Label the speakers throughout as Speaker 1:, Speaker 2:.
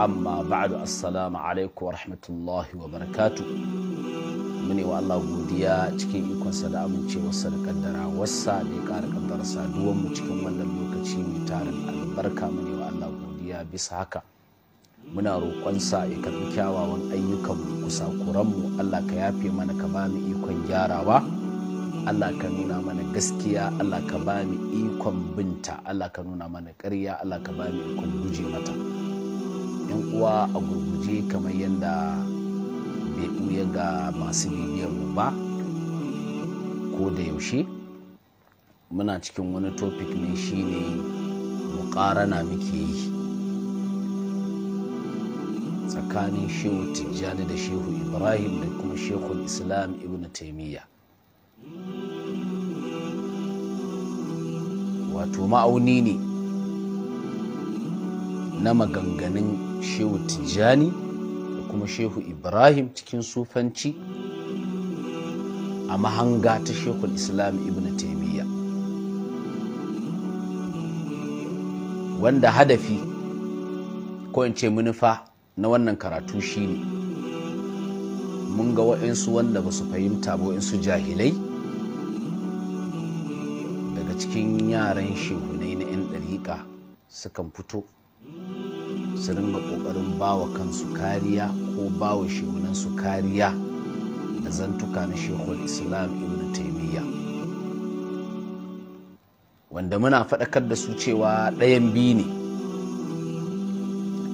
Speaker 1: amma ba'du assalamu alaikum wa rahmatullahi wa barakatu mune wa Allah godiya cikin ikonsa da amincewarsa da kaddara wasa da ya kara kaddara saduwar mu cikin wannan lokaci mai tarin albarka mune wa Allah godiya bisa haka muna roƙonsa ya karɓi kyawawan ayyukan ayyukanmu mu Allah ka yafe mana ka ba ikon gyarawa Allah ka nuna mana gaskiya Allah ka ba ikon binta Allah ka nuna mana ƙarya Allah ka ba ikon guje mata yan uwa a gurguje kamar yadda bai ɓuya ga masu mu ba ko da yaushe muna cikin wani topic ne shine muƙarana muke yi tsakanin shehu tijjani da shehu ibrahim da kuma shehu islam ibn taimiyya wato ma'auni ne na maganganun shehu tijjani da kuma shehu ibrahim cikin sufanci a mahanga ta shekul islam ibn taimiyya wanda hadafi ko in ce manufa na wannan karatu shine mun ga wa'insu wanda ba su fahimta ba wa'insu jahilai daga cikin yaran shehunai na 'yan ɗariƙa sukan fito su ringa ƙoƙarin bawa kansu kariya ko bawa su kariya da zantuka na shekul islam ibn taimiyya wanda muna faɗakar da su cewa ɗayan biyu ne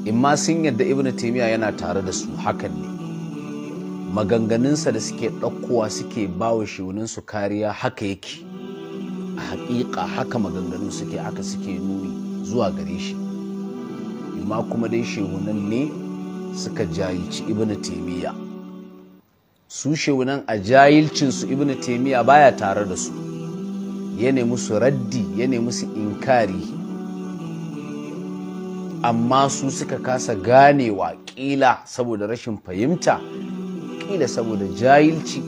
Speaker 1: imma sun yadda ibn taimiyya yana tare da su hakan ne maganganunsa da suke ɗaukowa suke bawa su kariya haka yake a haƙiƙa haka maganganun suke aka suke nuni zuwa gare shi amma kuma dai shehunan ne suka jayici ibn taimiyya su shehunan a jayilcinsu ibn taimiyya baya tare da su ya nemi su raddi ya nemi su inkari amma su suka kasa ganewa kila saboda rashin fahimta kila saboda jayilci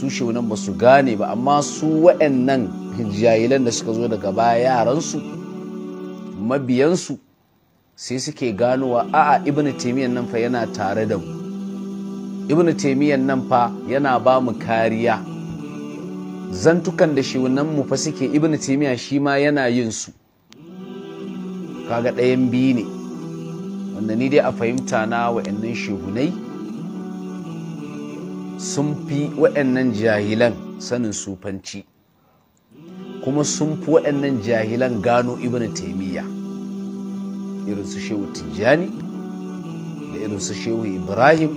Speaker 1: su shehunan ba su gane ba amma su waɗannan jahilan da suka zo daga baya yaransu mabiyansu sai suke ganowa a'a ibn taimiyan nan fa yana tare da mu ibn taimiyan nan fa yana ba mu kariya zantukan da shi mu fa suke ibn taimiya shi ma yana yin su kaga ɗayan biyu ne wanda ni dai a fahimta na wa'annan shehunai sun fi wa'annan jahilan sanin sufanci kuma sun fi wa'annan jahilan gano ibnu taimiyya irin su shehu tijjani da irin su shehu ibrahim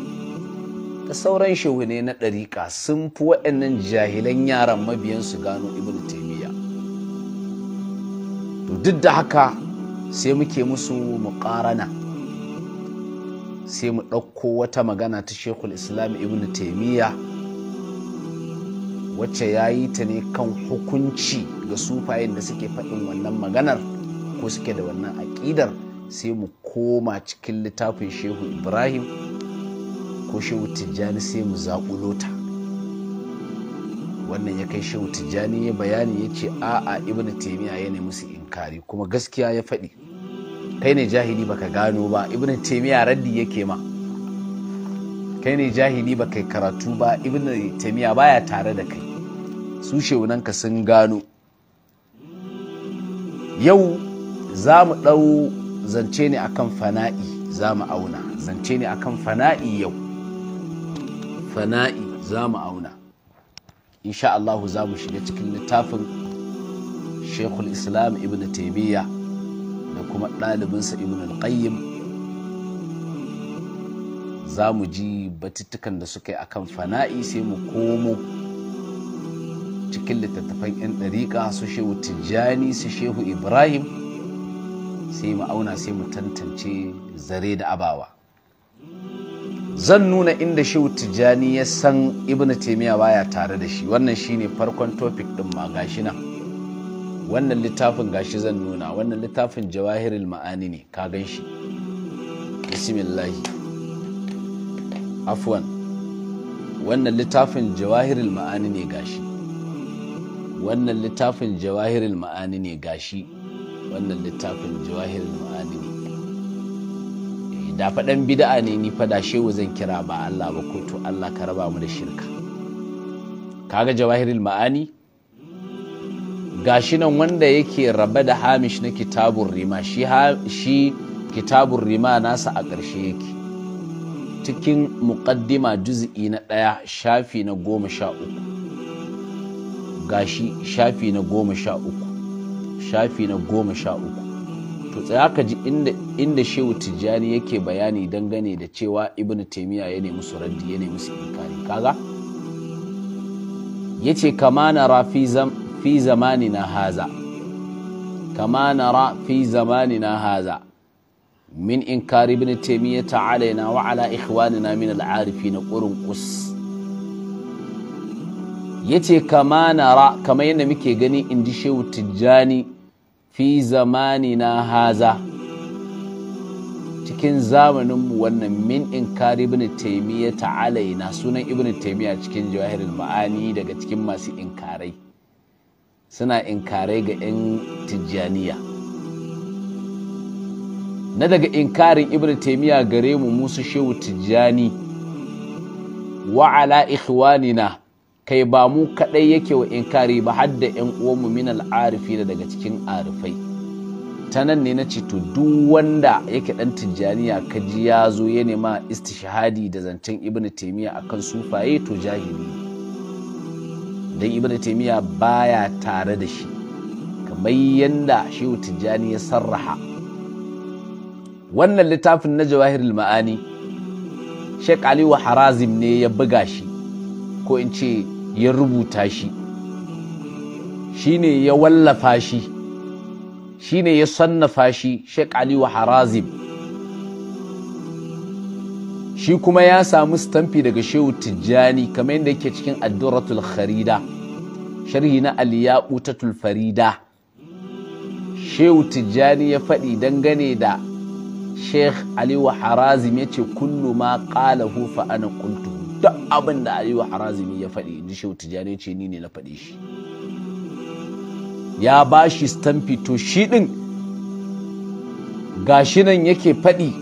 Speaker 1: da sauran shehu ne na ɗariƙa sun fi waɗannan jahilan yaran mabiyan su gano ibn taimiyya to duk da haka sai muke musu muƙarana sai mu ɗauko wata magana ta shekul islam ibn taimiyya wacce ya yi ta ne kan hukunci ga sufayen da suke faɗin wannan maganar ko suke da wannan aƙidar sai mu koma cikin littafin shehu ibrahim ko shehu tijjani sai mu zaƙulo ta wannan ya kai shehu tijjani ya bayani ya ce a'a ibn taimiya ya nemi su inkari kuma gaskiya ya faɗi kai ne jahili baka gano ba ibn taimiya raddi yake ma kai ne jahili baka karatu ba ibn taimiya baya tare da kai su shehunanka sun gano yau za mu ɗau zance ne akan fana'i za mu auna zance ne akan fana'i yau fana'i za mu auna insha Allah za mu shiga cikin littafin shekul islam ibn taimiyya da kuma ɗalibinsa ibn al za mu ji batuttukan da suka yi akan fana'i sai mu komo cikin littattafan 'yan ɗariƙa su shehu tijjani su shehu ibrahim sai mu auna sai mu tantance zare da abawa zan nuna inda shehu tijjani ya san ibnu taimiyya baya tare da shi wannan shine farkon topic din ma gashi nan wannan littafin gashi zan nuna wannan littafin jawahirul ma'ani ne ka gan shi bismillahi afwan wannan littafin jawahirul ma'ani ne gashi wannan littafin jawahirul ma'ani ne gashi wannan littafin jawahirul ma'ani eh, da faɗan bida'a ne ni fada shehu zan kira ba Allah ba ko to Allah ka raba mu da shirka kaga jawahirin ma'ani gashi nan wanda yake raba da hamish na kitabun rima shi shi kitabun rima nasa a ƙarshe yake cikin muƙaddima juz'i na ɗaya shafi na goma gashi shafi na goma sha uku shafi na goma sha uku to tsaya ka ji inda, shehu tijjani yake bayani dangane da cewa ibn taimiyya ya nemi su raddi ya nemi su inkari kaga ya ce kama ra fi zamani na haza kama ra fi zamani na haza min inkari ibn taimiyya ta'alaina wa ala na min al'arifi na ƙurin ƙus ya ce kama ra kama yadda muke gani in ji shehu tijjani fi zamani na haza cikin zamaninmu wannan min in kari ibn taimiyya ta'ala na sunan ibn taimiyya cikin jawahirul ma'ani daga cikin masu inkarai suna inkarai ga 'yan tijjaniya na daga inkarin ibn taimiyya gare mu musu shehu tijjani wa ala ikhwanina kai ba mu kaɗai yake wa inkari ba har da ‘yan uwanmu min al'arifi da daga cikin arifai ta nan ne na ce to duk wanda yake ɗan tijjaniya ka ji ya zo ya nema istishhadi da zancen ibn taimiyya akan sufaye to jahili don ibn taimiyya baya tare da shi kamar yadda shehu tijjani ya sarraha wannan littafin na jawahirul ma'ani Sheikh Aliyu Harazim ne ya buga shi ko in ce ya rubuta shi shine ya wallafa shi shine ya sannafa shi Sheikh Aliyu Harazim shi kuma ya samu stamfi daga Shehu Tijjani kamar yadda yake cikin Adduratul Kharida sharhi na Aliyaqutatul Farida Shehu Tijjani ya faɗi dangane da Sheikh Aliyu Harazim ya ce kullu ma ƙalahu fa ana kultu!" duk abin da aliyu harazimi ya faɗi in shehu tijjani ce ni ne na faɗi shi ya ba shi stamfi to shi ɗin gashi nan yake faɗi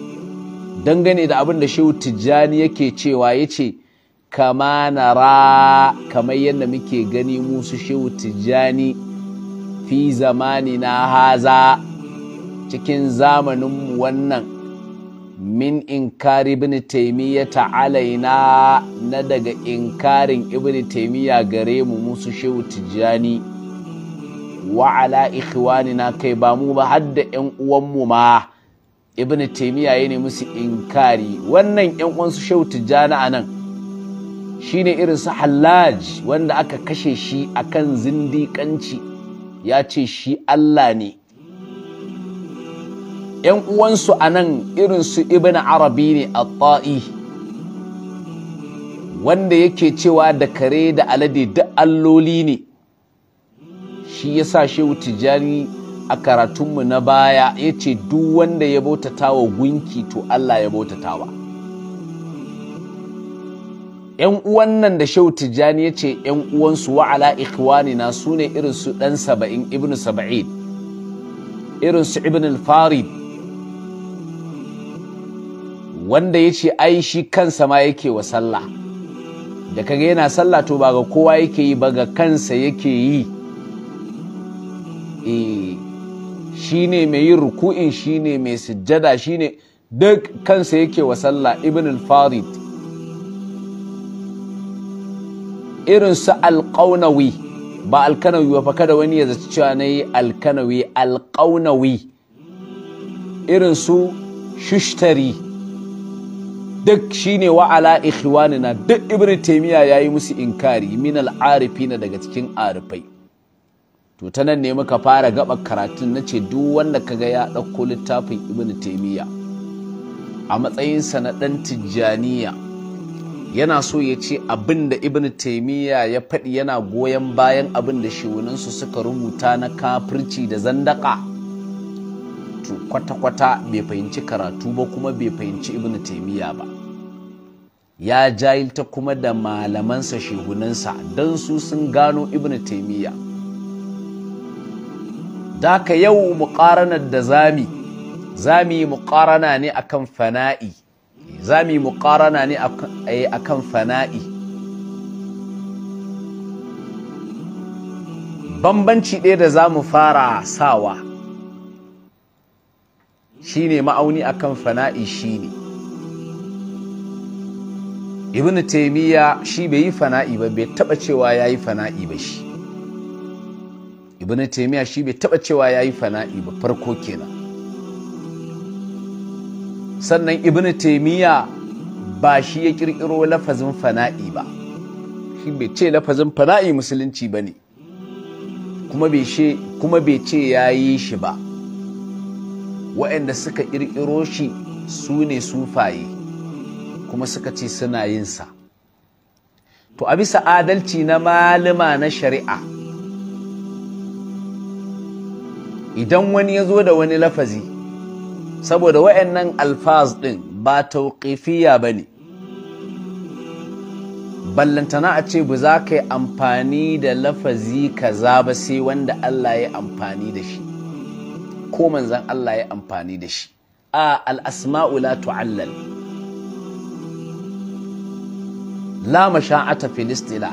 Speaker 1: dangane da abin da shehu tijjani yake cewa ya ce kama ra kamar yadda muke gani musu shehu tijjani fi zamani na haza cikin zamaninmu wannan min inkari ibn taimiyyata alaina na daga inkarin ibn taimiyya gare mu musu shehu tijjani wa ala na kai ba mu ba hadda yan uwanmu ma ibn taimiyya ya ne musu inkari wannan yan uwansu shehu tijjani a nan ne irin su halaj wanda aka kashe shi akan zindiƙanci ya ce shi Allah ne ‘yan uwansu a nan irinsu ibn arabi ne a ta'i wanda yake cewa da kare da alade duk alloli ne shi ya sa shehu tijjani a karatunmu na baya ya ce duk wanda ya bautata wa gunki to allah ya bautata wa ‘yan uwan nan da shehu tijjani ya ce ‘yan uwansu wa'ala ikhwanina su ne irinsu ɗan saba'in ibn saba'in irinsu ibn farid wanda ya ce ai shi kansa ma yake wa sallah da kaga yana sallah to ba ga kowa yake yi ba ga kansa yake yi e shi ne mai yi ruku'in shi ne mai sujjada shi ne duk kansa yake wa sallah ibn al-farid irin su alƙaunawi ba alkanawi ba fa kada wani ya zaci cewa na yi alkanawi alƙaunawi irin su shushtari duk shine wa ala ikhwanina duk ibn taymiya yayi musu inkari min al arifina daga cikin arifai to ta nan ne muka fara gaba karatun na ce duk wanda ga ya dauko littafin ibn taymiya a matsayinsa na ɗan tijjaniya yana so ya ce abinda da ibn taymiya ya faɗi yana goyon bayan abin da shewuninsu suka rubuta na kafirci da zandaka kwata-kwata bai fahimci karatu ba kuma bai fahimci ibn taymiya ba ya jahilta kuma da malamansa shehunansa don su sun gano ibn taimiyya daka yau muƙaranar da zami zami muƙarana ne akan fana'i zami muƙarana ne akan eh, fana'i bambanci ɗaya da za mu fara sawa shine ma'auni akan fana'i shine ne ibn taimiyya shi bai yi fana'i ba bai taba cewa ya yi fana'i ba shi ibn taimiyya shi bai taba cewa ya yi fana'i ba farko kenan sannan ibn taimiyya ba shi ya kirkiro lafazin fana'i ba shi bai ce lafazin fana'i musulunci ba ne kuma bai ce ya yi shi ba wa'anda suka kirkiro shi su ne sufaye kuma suka ce suna yinsa. to a bisa adalci na malama na shari'a idan wani ya zo da wani lafazi saboda nan alfaz ɗin ba tauƙifiya ba ne ballantana a ce ba za ka yi amfani da lafazi kaza ba sai wanda Allah ya amfani da shi ko manzan Allah ya amfani da shi a al'asma'u la tu'allal la masha'ata filistila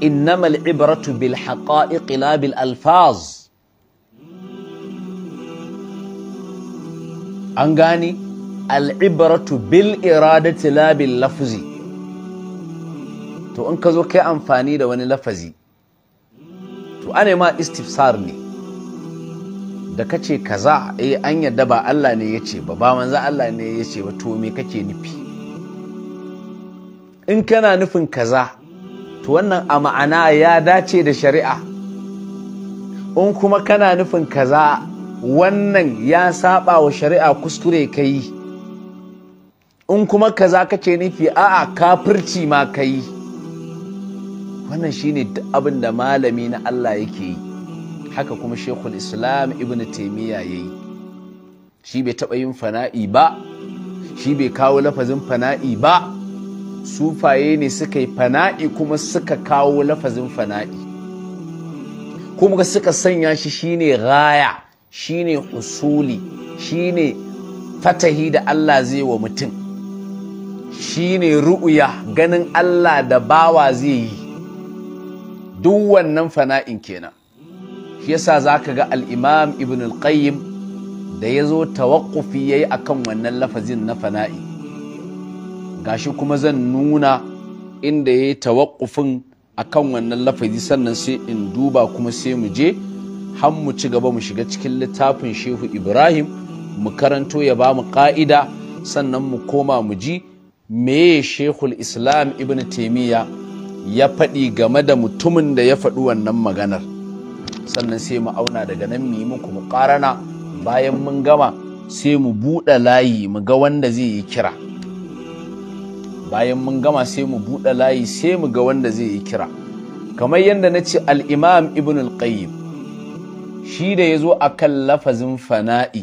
Speaker 1: innamal ibratu bil haqa'iq la bil alfaz an gani al bil iradati la bil lafzi to in ka zo kai amfani da wani lafazi to ana ma istifsar ne da kace kaza eh an yadda ba Allah ne yace ba ba manzo Allah ne yace ba to me kake nufi in kana nufin kaza to wannan a ma'ana ya dace da shari'a in kuma kana nufin kaza wannan ya saba wa shari'a kuskure ka yi in kuma kaza kake nufi a'a kafirci ma ka yi wannan shine duk abin da malami na Allah yake yi haka kuma shekul islam ibn taimiyya ya yi shi bai taɓa yin fana'i ba shi bai kawo lafazin fana'i ba sufaye ne suka yi fana'i kuma suka kawo lafazin fana'i kuma suka sanya shi shine raya shine usuli shine fatahi da Allah zai wa mutum shine ru'uya ganin Allah da bawa zai yi duk wannan fana'in kenan shi yasa zaka ga al-Imam Ibn al-Qayyim da yazo tawaqqufi yayi akan wannan lafazin na fana'i gashi kuma zan nuna inda ya yi tawakufin a kan wannan lafazi sannan sai in duba kuma sai mu je har mu ci gaba mu shiga cikin littafin shehu ibrahim mu karanto ya ba mu ƙa'ida sannan mu koma mu ji meye shehul islam ibn taimiyya ya faɗi game da mutumin da ya faɗi wannan maganar sannan sai mu auna daga nan mu yi muku mu ƙarana bayan mun gama sai mu buɗe layi mu ga wanda zai yi kira bayan mun gama sai mu buɗe layi sai mu ga wanda zai yi kira kamar yadda na ce al'imam ibn al-qayyim shi da ya zo a kan lafazin fana'i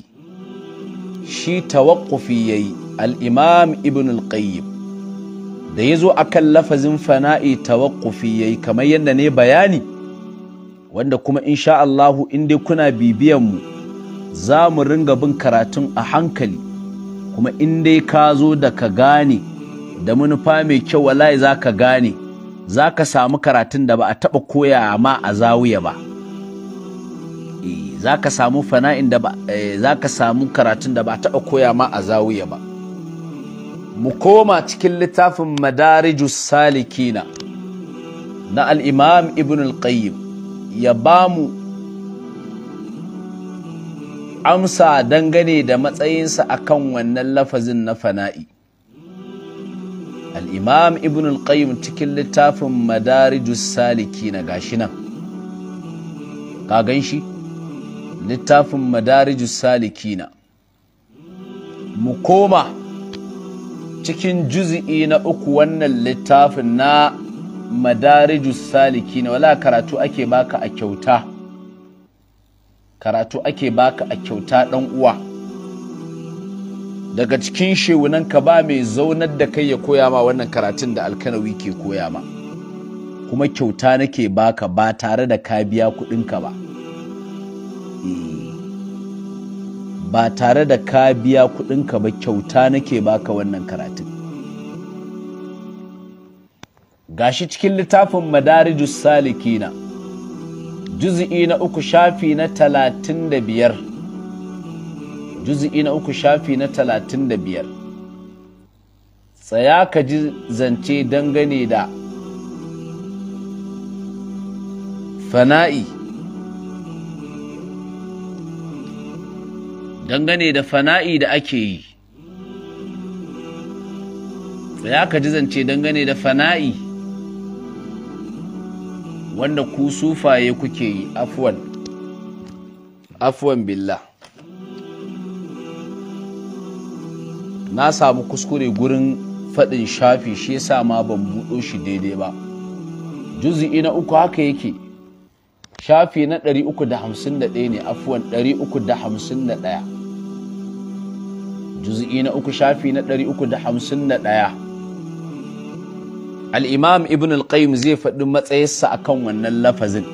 Speaker 1: shi tawakufi ya yi al'imam ibn al da ya zo a kan lafazin fana'i tawakufi ya yi kamar yadda ne bayani wanda kuma insha Allahu in dai kuna bibiyanmu za mu ringa bin karatun a hankali kuma in ka zo da ka gane da manufa mai kyau wallahi za ka gane za ka samu karatun da ba a taɓa koya ma a zawiya ba eh, za ka samu fana'in da ba eh, za ka samu karatun da ba a taba koya ma a zawiya ba mu koma cikin littafin madariju salikina na al'imam ibn al-qayyim ya ba mu amsa dangane da matsayinsa akan wannan lafazin na fana'i al'imam ibn al-qayyim cikin littafin madarijus saliki na gashi nan ka gan shi littafin madarijus saliki na mu koma cikin juzi'i na uku wannan littafin na madarijus saliki na wala karatu ake baka a kyauta karatu ake baka a kyauta ɗan uwa daga cikin shewunan ka ba mai zaunar da kai ya koya ma wannan karatun da alkanawi ke koya ma kuma kyauta nake baka ba tare da ka biya kuɗinka ba hmm. ba tare da ka biya kuɗinka ba kyauta nake baka wannan karatun gashi cikin littafin madarijus salikina juzi'i na uku shafi na talatin da biyar juzi'i na uku shafi na talatin da biyar tsaya ka ji zance dangane da fana'i dangane da fana'i da ake yi tsaya ka ji zance dangane da fana'i wanda ku sufaye kuke yi afuwan afuwan billah na samu kuskure gurin faɗin shafi shi yasa ma ban buɗo shi daidai ba juzi'i na uku haka yake shafi na 351 ne afuwan 351 juzi'i na uku shafi na 351 al'imam ibn al-qayyim zai faɗi matsayinsa akan wannan lafazin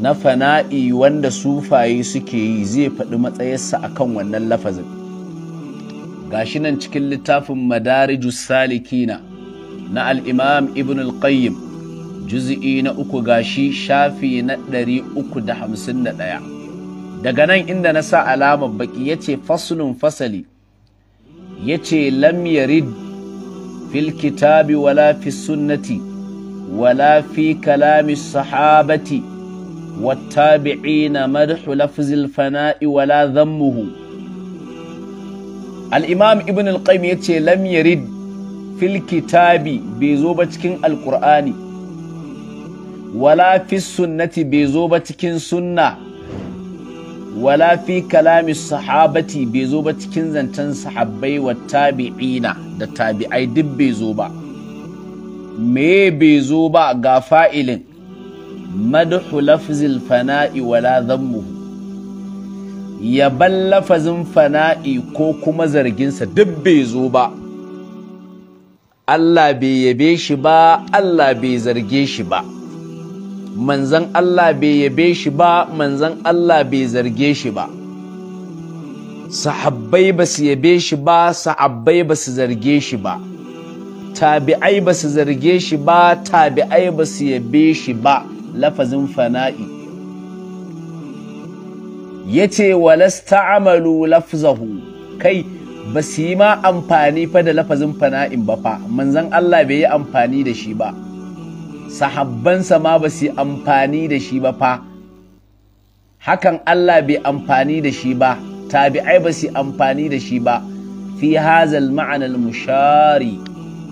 Speaker 1: na fana'i wanda sufaye suke yi zai faɗi matsayinsa akan wannan lafazin gashi nan cikin littafin madarijus salikina na al'imam ibn al-qayyim juzi'i na uku gashi shafi na ɗari uku da hamsin da ɗaya daga nan inda na sa alamar baki ya ce fasulun fasali ya ce lam fil kitabi wala fi sunnati wala fi kalami sahabati والتابعين مدح لفظ fana'i wala zammuhu al'imam ibn al-qaim ya ce lam yarid fil kitabi bai zo ba cikin alkur'ani wala fi sunnati bai zo ba cikin sunna wala fi kalami sahabati bai zo ba cikin zancen sahabbai wa tabi'ina da tabi'ai duk bai zo ba me bai zo ba ga fa'ilin madhu lafzil fana'i wala dhammuhu ya ban lafazin fana'i ko kuma zarginsa duk bai zo ba Allah bai yabe shi ba Allah bai zarge shi ba manzan Allah bai yabe shi ba manzan Allah bai zarge shi ba sahabbai ba su yabe shi ba sahabbai ba su zarge shi ba tabi'ai ba su zarge shi ba tabi'ai ba su yabe shi ba lafazin fana'i ya ce walasta'amalu lafzahu kai ba su yi ma amfani fa da lafazin fana'in ba fa manzan Allah bai yi amfani da shi ba sahabbansa ma ba su yi amfani da shi ba fa hakan Allah bai amfani da shi ba tabi'ai ba su yi amfani da shi ba fi hazal ma'anar mushari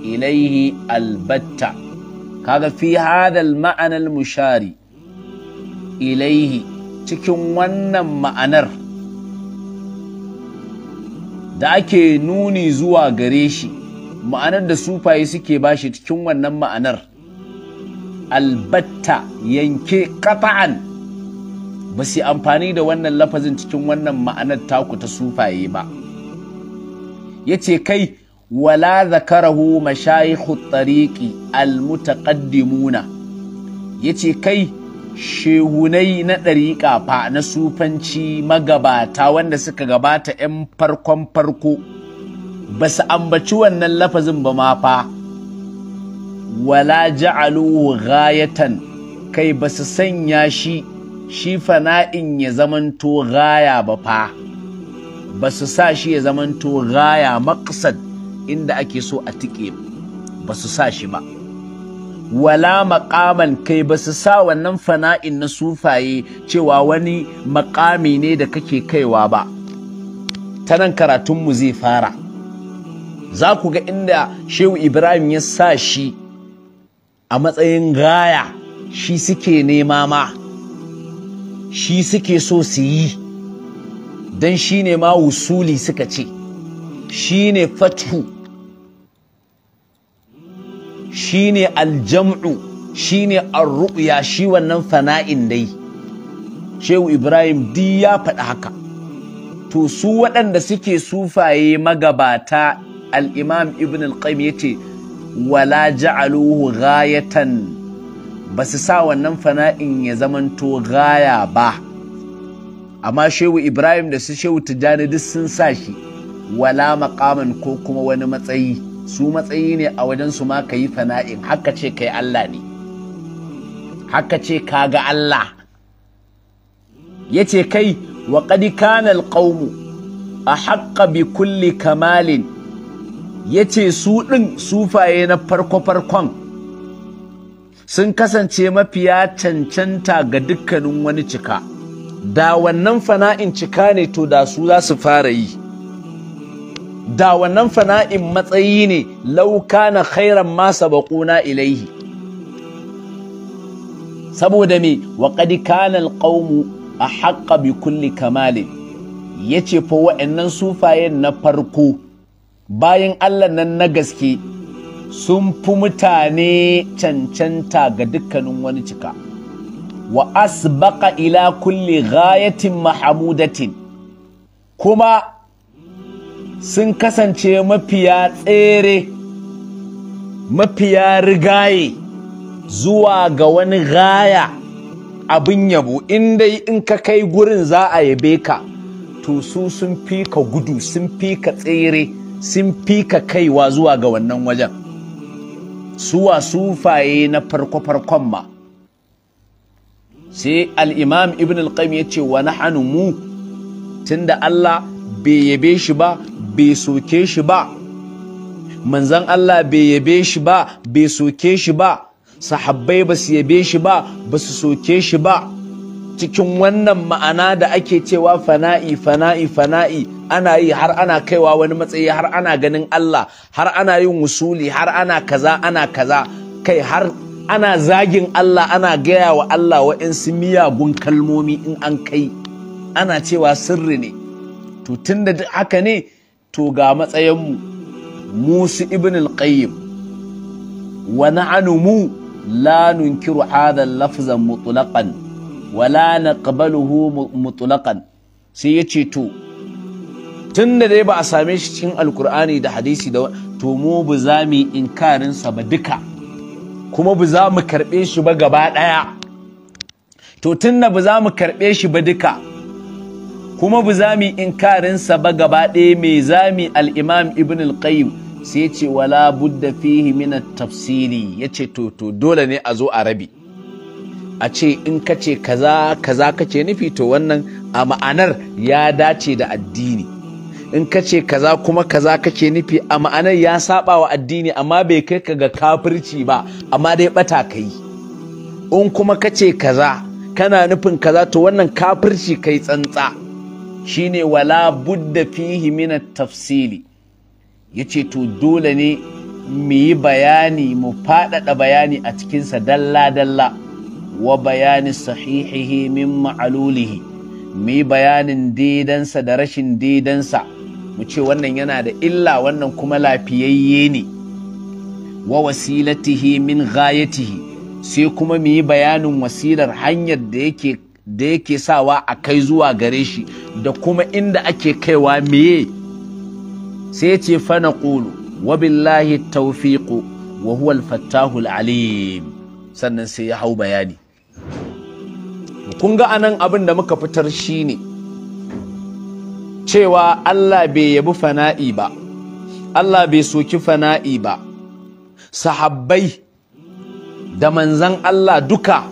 Speaker 1: ilaihi albatta kaga fi hadal ma'anar mushari ilaihi cikin wannan ma'anar da ake nuni zuwa gare shi ma'anar da sufaye suke ba shi cikin wannan ma'anar albatta yanke kata'an ba su amfani da wannan lafazin cikin wannan ma'anar taku ta sufaye ba ya ce kai wala zakarahu mashayikhu al mutaqaddimuna ya ce kai shehunai na ɗariƙa fa na sufanci magabata wanda suka gabata 'yan farkon farko ba su ambaci wannan lafazin ba ma fa wala ja'alu ghayatan kai ba su sanya shi shi fana'in ya zamanto gaya ba fa ba su sa shi ya zamanto gaya maƙasad inda ake so a tike ba su sa shi ba. wala makaman kai ba su sa wannan fana'in na sufaye cewa wani makami ne da kake kaiwa ba ta nan karatunmu zai fara za ku ga inda shehu ibrahim ya sa shi a matsayin gaya shi suke nema ma shi suke so su yi don shi ne ma wusuli suka ce shi ne fatu shine aljam'u shine arruqya shi wannan fana'in dai shehu ibrahim di ya faɗi haka to su waɗanda suke sufaye magabata al'imam ibn al-qaim ya ce wala ja'aluhu ghayatan ba su sa wannan fana'in ya zamanto gaya ba amma shehu ibrahim da su shehu tijjani duk sun sa shi wala makaman ko kuma wani matsayi su matsayi ne a wajen su ma ka yi fana'in haka ce kai Allah ne haka ce ka ga Allah ya ce kai wa ƙadi kanal ƙaumu a haƙa bi kulli kamalin ya ce su ɗin sufaye na farko-farkon sun kasance mafiya cancanta ga dukkanin wani cika da wannan fana'in cika ne to da su za su fara yi da wannan fana'in matsayi ne lauka na khairan ma na ilaihi saboda me wa qad kana a haƙa bi kulli kamalin ce fa wa'annan sufayen na farko bayan Allah nan na gaske sun fi mutane cancanta ga dukkanin wani cika wa asbaka ila kulli ghayatin mahamudatin kuma sun kasance mafiya tsere mafiya rigaye zuwa ga wani gaya abin yabo in dai in ka kai gurin za a yabe ka to su sun fi ka gudu sun fi ka tsere sun fi ka kaiwa zuwa ga wannan wajen suwa sufaye na farko-farkon ma sai al'imam ibn al ya ce wa hannu mu tunda Allah bai yabe shi ba bai soke shi ba manzan Allah bai yabe shi ba bai soke shi ba sahabbai ba su yabe shi ba ba su soke shi ba cikin wannan ma'ana da ake cewa fana'i fana'i fana'i ana yi har ana kaiwa wani matsayi har ana ganin Allah har ana yin wusuli har ana kaza ana kaza kai har ana zagin Allah ana gaya wa Allah wa'insu miyagun kalmomi in an kai ana cewa sirri ne to da haka ne to ga matsayinmu musu ibn al-qayyim wa na'anu mu la nunkiru hadha lafzan mutlaqan wa la naqbaluhu mutlaqan sai yace to tunda dai ba a same shi cikin alkur'ani da hadisi da to mu bu za mu inkarin sa ba duka kuma bu za mu karbe shi ba gaba daya to tunda bu za mu karbe shi ba duka kuma bu za mu inkarinsa ba gaba ɗaya mai zami al'imam ibn al-qayyim sai ce wala budda fihi min tafsiri ya ce to to dole ne a zo a rabi a ce in ka ce kaza kaza ce nufi to wannan a ma'anar ya dace da addini in ka ce kaza kuma kaza kake nufi a ma'anar ya saba wa addini amma bai kai ka ga kafirci ba amma dai bata kai in kuma ka ce kaza kana nufin kaza to wannan kafirci kai tsantsa Shi shine wala budda fihi mina tafsili yace to dole ne mu yi bayani mu faɗaɗa bayani a cikinsa dalla-dalla wa bayani sahihihi min ma'alulihi mu yi bayanin didansa da rashin didansa? mu ce wannan yana da illa wannan kuma lafiyayye ne wa wasilatihi min gayatihi sai kuma mu yi bayanin wasilar hanyar da yake da yake sawa a kai zuwa gare shi da kuma inda ake kaiwa meye sai ce fana ƙulu wa billahi taufiqu wa huwa al alim sannan sai ya hau bayani kun ga anan abin da muka fitar shine cewa Allah bai yabi fana'i ba Allah bai soki fana'i ba sahabbai da manzan Allah duka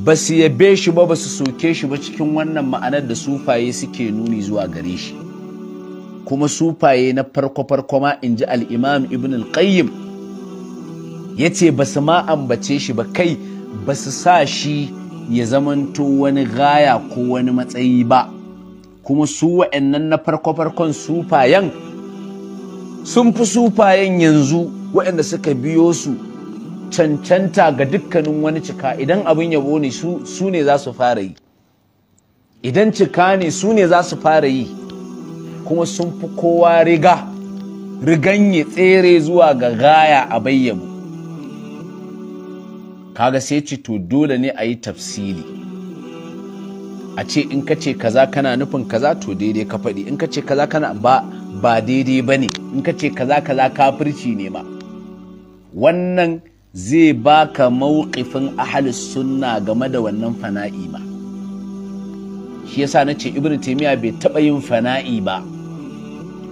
Speaker 1: ba su yabe shi ba ba su soke shi ba cikin wannan ma'anar da sufaye suke nuni zuwa gare shi kuma sufaye na farko-farko ma in ji al'imam ibn al-qayyim ya ce ba su ma ambace shi ba kai ba su sa shi ya zamanto wani gaya ko wani matsayi ba kuma su wa'annan na farko-farkon sufayen sun fi sufayen yanzu wa'anda suka biyo su cancanta ga dukkanin wani cika idan abin yabo ne su ne za su fara yi idan cika ne su ne za su fara yi kuma sun fi kowa riga riganye tsere zuwa ga gaya a bayyabu kaga sai ce to dole ne a yi tafsili a ce in ka ce kaza kana nufin kaza to daidai ka faɗi in ka ce kaza kana ba ba daidai ba ne in ka ce kaza kaza kafirci ne ma wannan zai baka mawqifin ahalis sunna game da wannan fana'i ba shi yasa nace ibnu taimiyya bai taɓa yin fana'i ba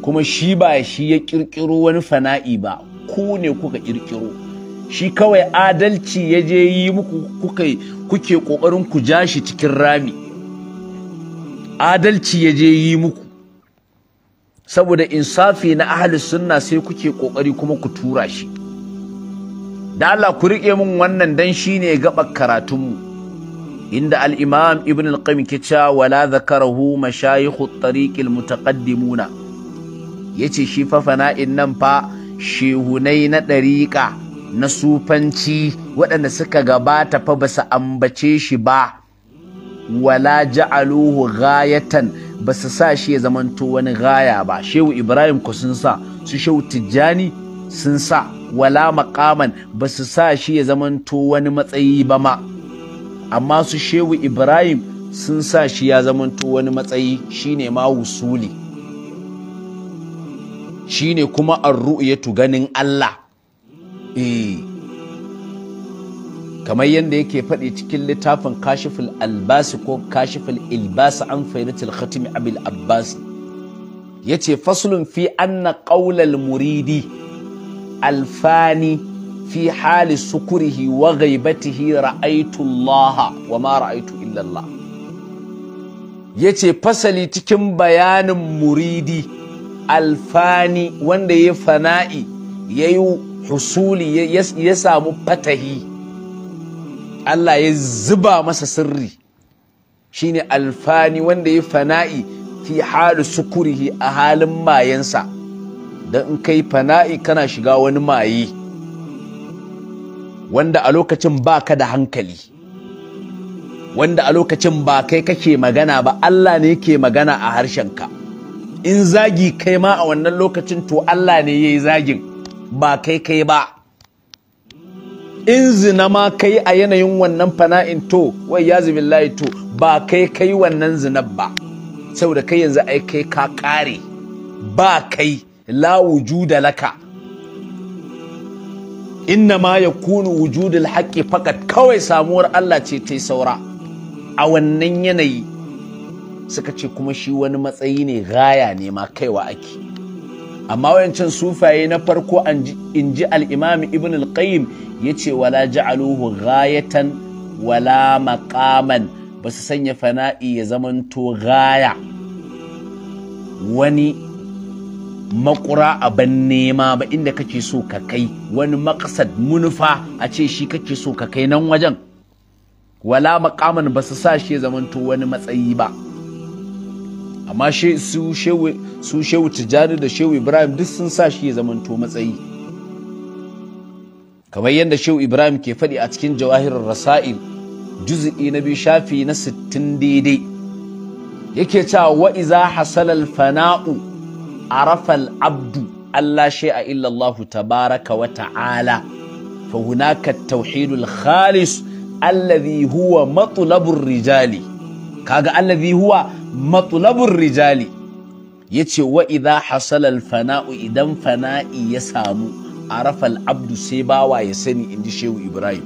Speaker 1: kuma shi ba shi ya ƙirƙiro wani fana'i ba ku ne kuka ƙirƙiro? shi kawai adalci ya je yi muku kuke kokarin ku ja shi cikin rami adalci ya je yi muku saboda insafi na ahalis sunna sai kuke ƙoƙari kuma ku tura shi da Allah ku riƙe mun wannan dan ne gaɓar karatunmu inda alimam ibn al-qayyim ke cewa wala zakarahu mashayikhu at-tariq mutaqaddimuna yace shi fa fana'in nan fa shehunai na ɗariƙa na sufanci waɗanda suka gabata fa basu ambace shi ba wala ja'aluhu ghayatan basu sa shi ya zamanto wani gaya ba shehu ibrahim ku sun sa su shehu tijjani sun sa wala maqaman ba su sa shi ya zamanto wani matsayi ba ma amma su shehu ibrahim sun sa shi ya zamanto wani matsayi shine ma wusuli shine kuma arru'yatu ganin Allah eh kamar yadda yake faɗi cikin littafin kashiful albasi ko kashiful ilbasi an fayyadatul khatimi abil abbas ya ce fasulun fi anna ƙaular muridi alfani fi hali sukurihi wa ghaibatihi ra'aitu Allah wa ma ra'aitu illa Allah yace fasali cikin bayanin muridi alfani wanda ya fana'i yayi husuli ya samu fatahi Allah ya zuba masa sirri shine alfani wanda ya fana'i fi hali sukurihi a halin mayansa don in kai fana'i kana shiga wani maye wanda a lokacin ba ka da hankali wanda a lokacin ba kai kake magana ba Allah ne ke magana a harshenka in zagi kai ma a wannan lokacin to Allah ne ya yi zagin ba kai kai ba in zina ma kai a yanayin wannan fana'in to wai ya layi to ba kai kai wannan zinar ba saboda kai yanzu ai kai ka kare ba kai la wujuda laka inna ma ya kunu wujudul haƙƙi fakat kawai samuwar Allah ce ta saura a wannan yanayi suka ce kuma shi wani matsayi ne gaya ne ma kaiwa ake amma wayancan sufaye na farko in ji al'imami ibn al ya ce wala ja'aluhu gayatan wala maqaman ba sanya fana'i ya zamanto gaya wani makura abin nema ba inda kake so ka kai wani maƙasad munufa a ce shi kake so ka kai nan wajen wala makaman ba su sa shi zamanto wani matsayi ba amma su shewu tijjani da shewu ibrahim duk sun sa shi zamanto matsayi kamar yadda shewu ibrahim ke faɗi a cikin jawahirar rasa'il juzi'i na biyu shafi na sittin daidai yake cewa wa'iza hasalal fana'u arafal abdu Allah shay'a illa Allah tabaraka wa ta'ala fa hunaka tauhidul khalis alladhi huwa matlabur rijali kaga alladhi huwa matlabur rijali yace wa idha hasala al-fana'u idan fana'i ya samu arafal abdu sai bawa ya sani inji shehu ibrahim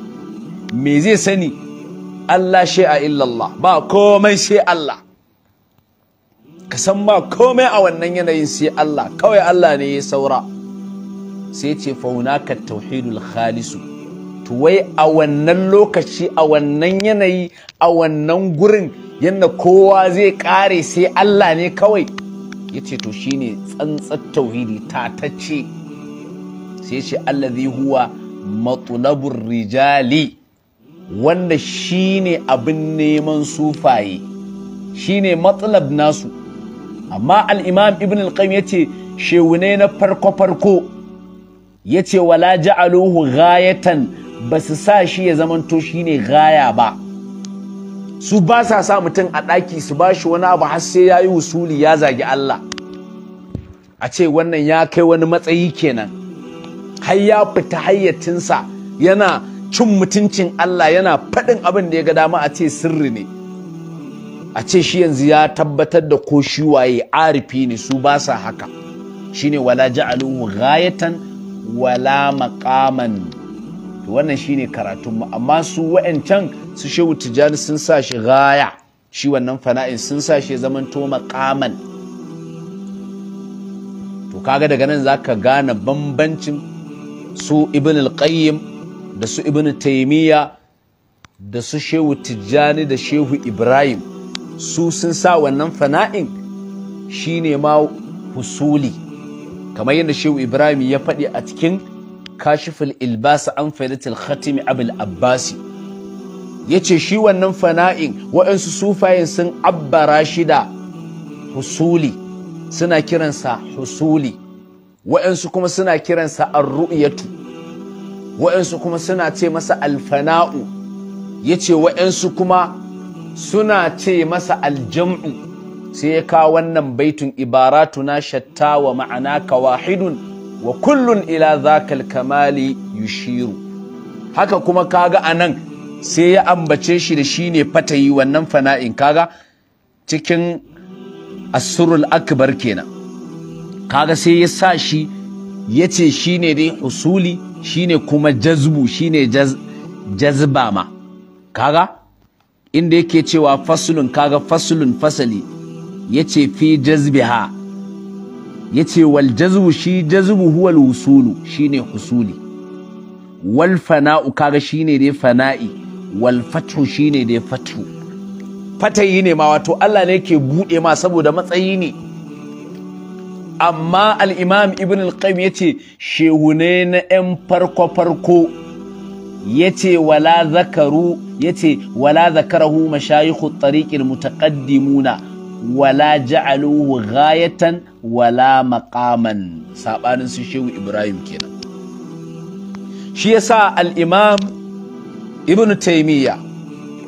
Speaker 1: me zai sani Allah shay'a illa Allah ba komai sai Allah ka san ma komai a wannan yanayin sai Allah kawai Allah ne ya saura sai ce faunaka tauhidul khalisu to wai a wannan lokaci a wannan yanayi a wannan gurin yadda kowa zai kare sai Allah ne kawai yace to shine tsantsar tauhidi ce sai ce allazi huwa matulabun rijali wanda shine abin neman sufaye shine matsalab nasu amma al-imam ibn al-qayyim yace shewune na farko farko ya ce wala gayatan ba su sa shi ya zamanto ne gaya ba su ba sa sa mutum a ɗaki su ba shi wani abu har sai ya yi wusuli ya zagi Allah a ce wannan ya kai wani matsayi kenan har ya fita hayyacinsa yana cin mutuncin Allah yana faɗin abin da ya ga dama a ce sirri ne a ce shi yanzu ya tabbatar da ko shi waye arifi ne su ba sa haka shine wala ja'aluhu ghayatan wala maqaman wannan shine karatun mu amma su wa'ancan su shehu tijani sun sa shi ghaya shi wannan fana'in sun sa shi zaman to maqaman to kaga daga nan zaka gane bambancin su ibn al-qayyim da su ibn taymiya da su shehu tijani da shehu ibrahim su sun sa wannan fana'in shine ma husuli kamar yadda shehu ibrahim ya faɗi a cikin kashiful ilbasa an faidatul khatimi abul abbasi ya ce shi wannan fana'in waɗansu sufayen sun abbara shi da husuli suna kiransa husuli waɗansu kuma suna kiransa arru'yatu waɗansu kuma suna ce masa alfana'u ya ce waɗansu kuma suna ce masa aljam'u sai ya kawo wannan baitun Ibaratu ibaratuna shatta wa ma'ana kawahidun wa kullun ila zakal kamali yushiru haka kuma kaga a nan sai ya ambace shi da shi ne fatayi wannan fana'in kaga cikin asurul akbar kenan kaga sai ya sa shi ya ce shi ne dai usuli shi ne kuma jazbu shi ne jazba ma kaga inda yake cewa fasulun kaga fasulun fasali yace fi jazbiha yace wal jazbu shi jazbu huwal wusulu shine husuli wal fana'u kaga shine dai fana'i wal fathu shine dai fathu fatayi ne ma wato Allah ne yake bude ma saboda matsayi ne amma al-imam ibn al-qayyim yace shehune na 'yan farko farko yace wala zakaru yace wala zakarahu mashayikhu tariqil mutaqaddimuna wala ja'aluhu ghayatan wala maqaman sabanin su shehu ibrahim kenan shi yasa al-imam ibn taymiya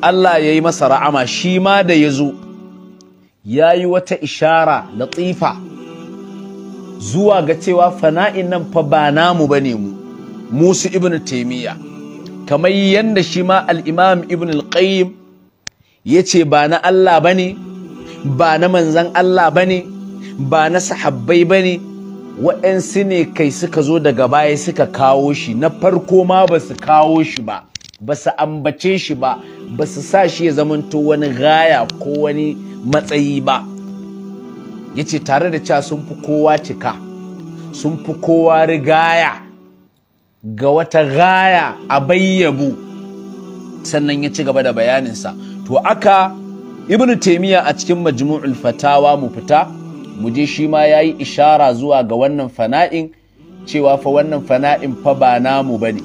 Speaker 1: Allah yayi masa ra'ama shi ma da yazo yayi wata ishara latifa zuwa ga cewa fana'in nan fa ba namu bane mu musu ibn taymiya kamar yadda shi ma al'imam ibn al-qayyim ya ce ba na Allah ba ne ba na manzan Allah ba ne ba na sahabbai ba ne waɗansu ne kai suka zo daga baya suka kawo shi na farko ma ba su kawo shi ba ba su ambace shi ba ba su sa shi ya zamanto wani gaya ko wani matsayi ba ya ce tare da cewa sun fi kowa cika sun fi kowa rigaya ga wata gaya a bayyabu sannan ya ci gaba da bayaninsa to aka ibn taimiyya a cikin majmu'ul fatawa mu fita mu je shi ma yayi ishara zuwa ga wannan fana'in cewa fa wannan fana'in fa ba namu bane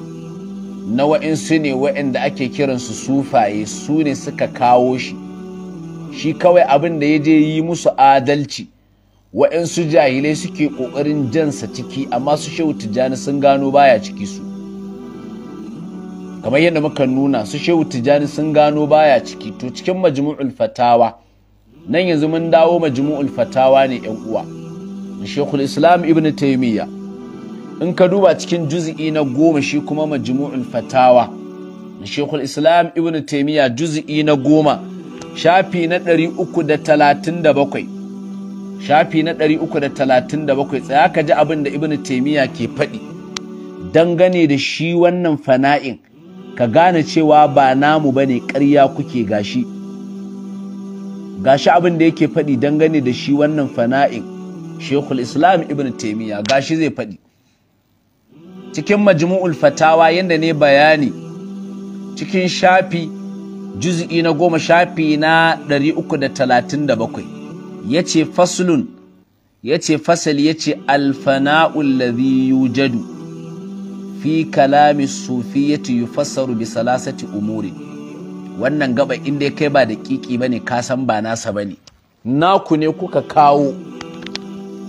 Speaker 1: na wa'insu ne wa'inda ake kiransu sufaye su ne suka kawo shi shi kawai abin da ya je yi musu adalci waɗansu jahilai suke ƙoƙarin jansa ciki amma su shehu tijjani sun gano baya ciki su kamar yadda muka nuna su shehu tijjani sun gano baya ciki to cikin majmu'ul fatawa nan yanzu mun dawo majmu'ul fatawa ne yan uwa shekul islam ibn taimiyya in ka duba cikin juz'i na goma shi kuma majmu'ul fatawa shekul islam ibn taimiyya juz'i na goma shafi na 337 shafi na ɗari da 337 tsaya ka ji abin da ibnu taimiyya ke faɗi dangane da shi wannan fana'in ka gane cewa ba namu ba ne ƙarya kuke gashi gashi abin da yake faɗi dangane da shi wannan fana'in shekul islam ibn taimiyya gashi zai faɗi cikin majmu'ul fatawa yadda ne bayani cikin shafi juz'i na goma shafi na 337 Yace ce faslun ya ce fasali ya ce alfana'ul ladhi yujadu fi kalami sufiyati yufassaru bi salasati umuri wannan gaba inda kai ba da kiki bane ka san ba nasa bane naku ne kuka kawo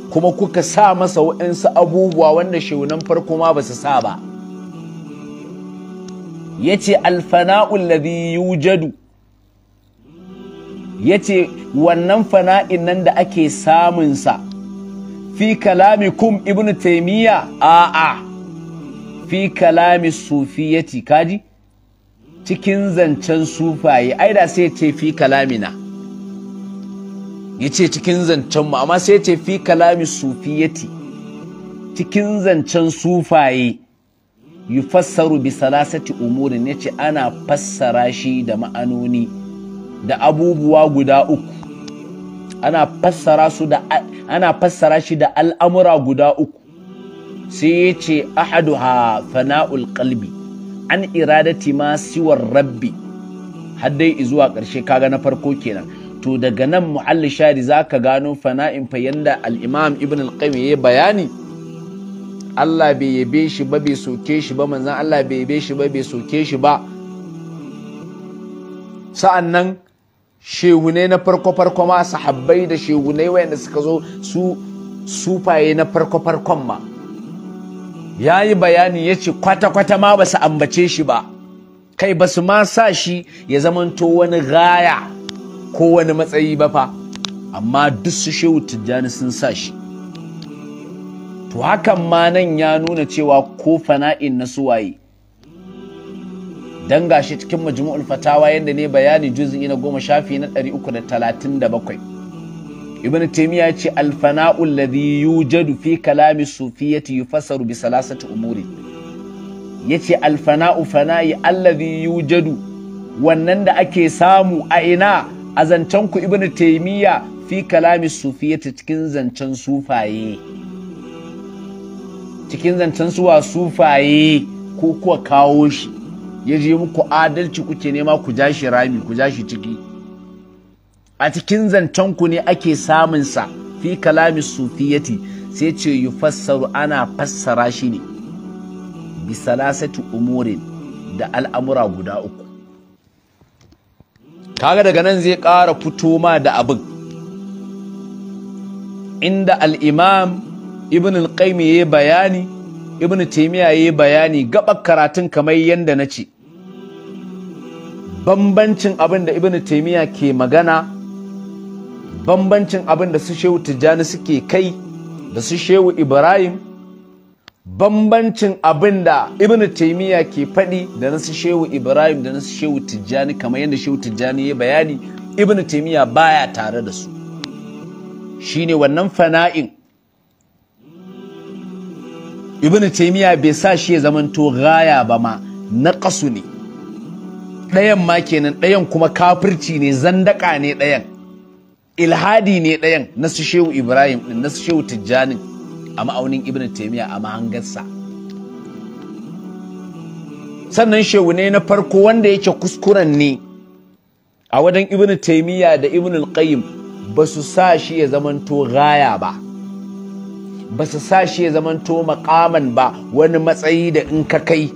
Speaker 1: kuma kuka sa masa waɗansu abubuwa wanda shaunan farko ma ba su sa ba Yace ce alfana'ul ladhi yujadu ya ce wannan fana'in nan da ake samunsa fi kalami kum ibn taimiyya a'a fi kalami sufiyati kaji cikin zancen sufaye ai da sai ce fi kalamina ya ce cikin zancen mu amma sai ce fi kalami sufiyati cikin zancen sufaye yufassaru bi salasati umurin ya ce ana fassara shi da ma'anoni da abubuwa guda uku ana fassara shi da al'amura guda uku sai ya ce ahaduha fana'ul qalbi an iradati ma siwar rabbi har dai zuwa ƙarshe kaga na farko kenan to daga nan mu'alli shari za ka gano fana'in fa yanda al'imam ibn al-qayyim ya bayani Allah bai yabe shi ba bai soke shi ba manzan Allah bai yabe shi ba bai soke shi ba sa'an nan shehunai na farko-farko ma sahabbai da shehunai wayanda suka zo su sufaye na farko-farkon ma ya yi bayani ya ce kwata-kwata ma ba su ambace shi ba kai ba su ma sa shi ya zamanto wani gaya ko wani matsayi ba fa amma duk su shehu tijjani sun sa shi to hakan ma nan ya nuna cewa ko fana'in na suwaye dan gashi cikin majmu'ul fatawa yadda ne bayani juz'i na goma shafi na 337 ibn taymiya ce alfana'u alladhi yujadu fi kalami sufiyati yufassaru bi salasati umuri yace alfana'u fana'i alladhi yujadu wannan da ake samu a ina a zancen ku ibn taymiya fi kalami sufiyati cikin zancen sufaye cikin zancen suwa sufaye ko kuwa kawo shi ya je muku adalci kuke nema ku ja shi rami ku ja shi ciki a cikin zancen ku ne ake samun sa fi kalami sufiyati sai ce yi fassaru ana fassara shi ne bi salasatu umurin da al'amura guda uku kaga daga nan zai ƙara fito ma da abin inda al'imam ibn al ya bayani taimiyya ya yi bayani gabar karatun kamar yadda na ce bambancin abin da ibn taimiyya ke magana bambancin abin da su shehu tijjani suke kai da su shehu ibrahim bambancin abin da ibnu taimiyya ke faɗi da na su shehu ibrahim da na su shehu tijjani kamar yadda shehu tijjani ya bayani ibnu taimiyya baya tare da su shine wannan fana'in ibn taimiya bai sa shi ya zamanto gaya ba ma na ƙasu ne ɗayan ma kenan ɗayan kuma kafirci ne zandaka ne ɗayan ilhadi ne ɗayan na su shehu ibrahim ɗin na su shehu tijjanin a ma'aunin ibn taimiya a mahangarsa sannan shehu ne na farko wanda yake kuskuren ne a wajen ibn taimiya da ibn al ba su sa shi ya zamanto gaya ba ba su sa shi ya zamanto makaman ba wani matsayi da in ka kai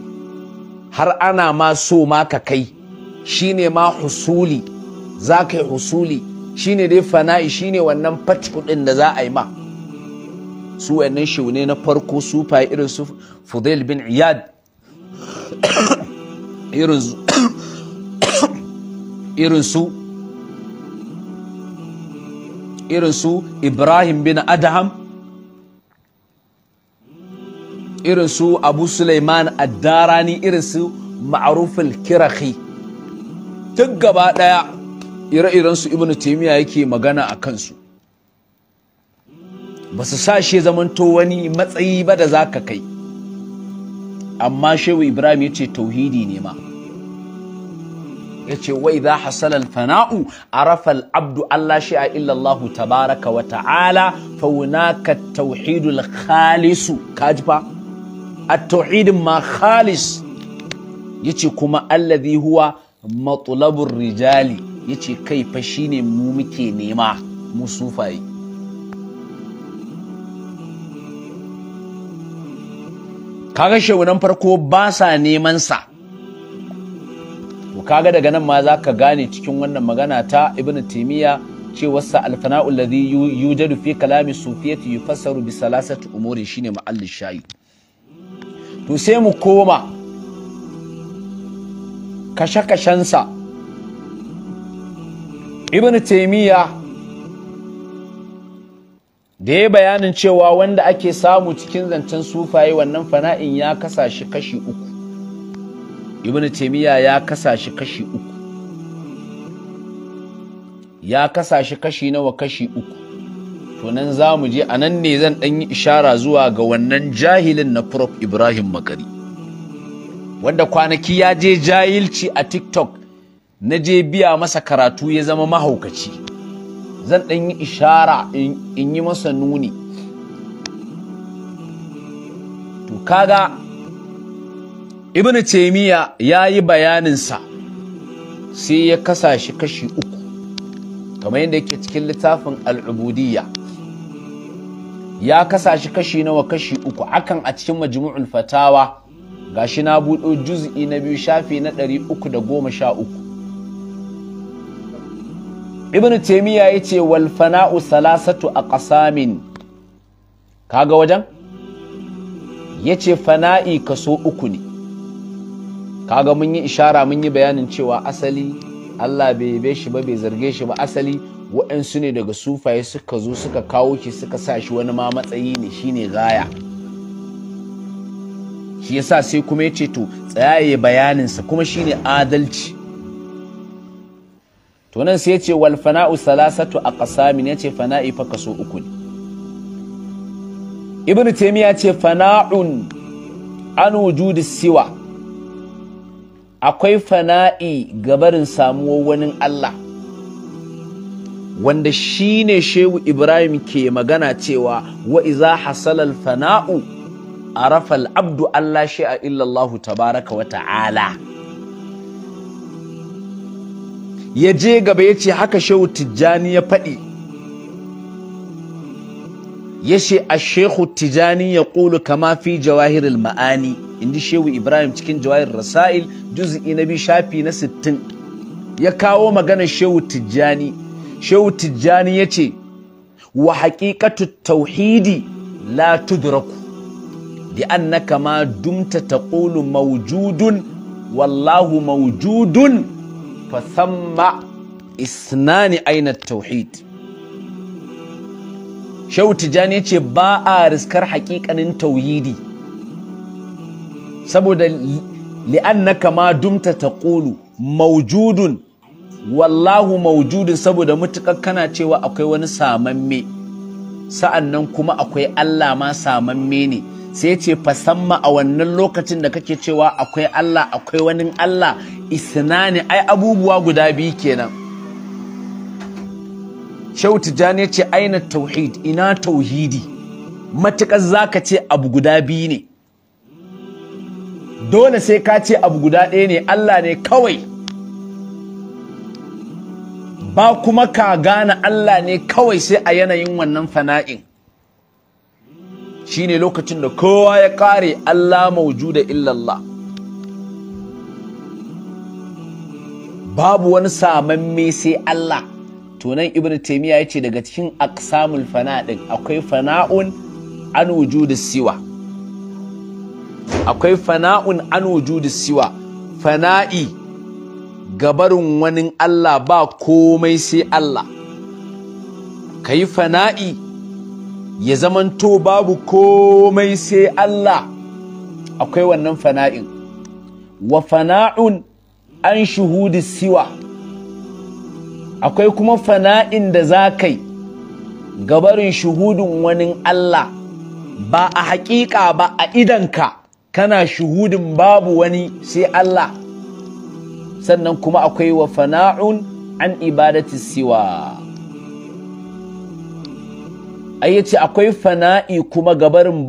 Speaker 1: har ana ma so ma ka kai shine ma husuli za ka yi husuli shine dai fana'i shine wannan fatku da za a yi ma su wannan shune na farko su faye irin su fudail bin iyad irin su irin su ibrahim bin adham irin su abu suleiman addarani irin su ma'arufin kirahi duk gaba ɗaya ire-iren su ibn taimiyya yake magana a kansu ba su sa shi zamanto wani matsayi ba da za ka kai amma shehu ibrahim ya ce tauhidi ne ma ya ce wai za hasalar fana'u a rafal abdu Allah shi a illallahu tabaraka wa ta'ala faunaka tauhidul khalisu Kadifa. at-tauhidin ma khalis yace kuma allazi huwa matlabur rijali yace kai fa shine mu nema mu sufaye kaga shawunan farko ba sa neman sa to kaga daga nan ma zaka gane cikin wannan magana ta ibnu taymiya cewarsa alfana'u alladhi yujadu fi kalami sufiyati yufassaru bi salasati umuri shine ma'allin shayi to sai mu koma kashe-kashensa ibn taimiyya da ya bayanin cewa wanda ake samu cikin zancen sufaye wannan fana'in ya kasa shi kashi uku ibn taimiyya ya kasa shi kashi uku ya kasa shi kashi nawa kashi uku to nan za mu je a nan ne zan ɗan yi ishara zuwa ga wannan jahilin na prof ibrahim makari wanda kwanaki ya je jahilci a tiktok na je biya masa karatu ya zama mahaukaci zan ɗan yi ishara in yi masa nuni to kaga ibn taimiyya ya yi bayaninsa sai ya kasa shi kashi uku kamar yadda yake cikin littafin al'ubudiyya ya kasa shi kashi nawa kashi uku akan a cikin majmu'ul fatawa gashi na buɗo juz'i na biyu shafi na ɗari uku da goma sha uku ibn taimiyya ya ce wal salasatu a ƙasamin kaga wajen ya ce fana'i kaso uku ne kaga mun yi ishara mun yi bayanin cewa asali Allah bai yabe shi ba bai zarge shi ba asali waɗansu ne daga sufaye suka zo suka kawo shi suka sa shi wani ma matsayi ne shine gaya shi yasa sai kuma ya ce to tsayaye bayaninsa kuma shine adalci to nan sai ya ce wal fana'u salasatu a aqsamin ya ce fana'i fa kaso uku ne ibn taymiya ce fana'un an wujudi siwa akwai fana'i barin samuwa wani Allah wanda shi ne shehu Ibrahim ke magana cewa wa iza hasalal fana'u arafal abdu Allah shi a illallahu tabaraka wa ta'ala ya je gaba ya ce haka shehu tijjani ya faɗi yace a shehu tijani ƙulu kama fi jawahir maani inji shehu ibrahim cikin jawahir rasail juz'i na bi shafi na sittin ya kawo maganar shehu tijani shehu tijani yace wa haqiqatu tauhidi la tudraku bi annaka ma dumta ƙulu mawjudun wallahu mawjudun fa thamma isnani aina tauhid Shehu Tijjani ce ba a riskar hakikanin tauhidi saboda li'annaka ma dumta ta ƙulu maujudun wallahu maujudun saboda mutukar kana cewa akwai wani samamme sa'annan kuma akwai Allah ma samamme ne sai ce fasamma a wannan lokacin da kake cewa akwai Allah akwai wani Allah ne. ai abubuwa guda biyu kenan Shehu Tijjani ce aina tauhid ina tauhidi matuƙar zaka ce abu guda biyu ne dole sai ka ce abu guda ɗaya ne Allah ne kawai ba kuma ka gane Allah ne kawai sai a yanayin wannan fana'in shine lokacin da kowa ya ƙare Allah da illallah babu wani samamme sai Allah Tunan nan ibn ya ce daga cikin aksamul fana ɗin akwai fana'un an wujudu siwa akwai fana'un an wujudu siwa fana'i gabarin wani Allah ba komai sai Allah Ka yi fana'i ya zamanto babu komai sai Allah akwai wannan fana'in wa fana'un an shuhudi siwa akwai kuma fana'in da za kai gabarin shuhudin wani Allah ba a haƙiƙa ba a idanka kana shuhudin babu wani sai Allah sannan kuma akwai wa fana'un an ibadatu siwa ai ce akwai fana'i kuma gabarin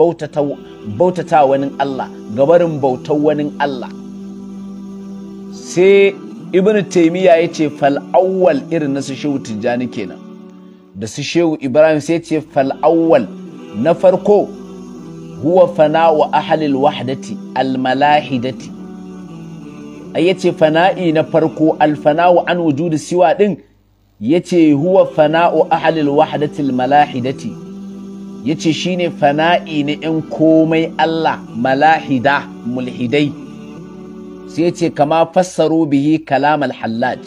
Speaker 1: bautata wani Allah gabarin bautar wani Allah sai ibn taimiyya ya ce fal'awwal irin na su shehu tijjani kenan da su shehu ibrahim sai ce fal'awwal na farko huwa fana wa ahalil wahdati almalahidati ai ya ce fana'i na farko alfana an wujudu siwa din ya ce huwa fana'u ahalil wahdati almalahidati ya ce shi ne fana'i na 'yan komai allah malahida mulhidai sai ce kama fassaro bihi kalamar hallaj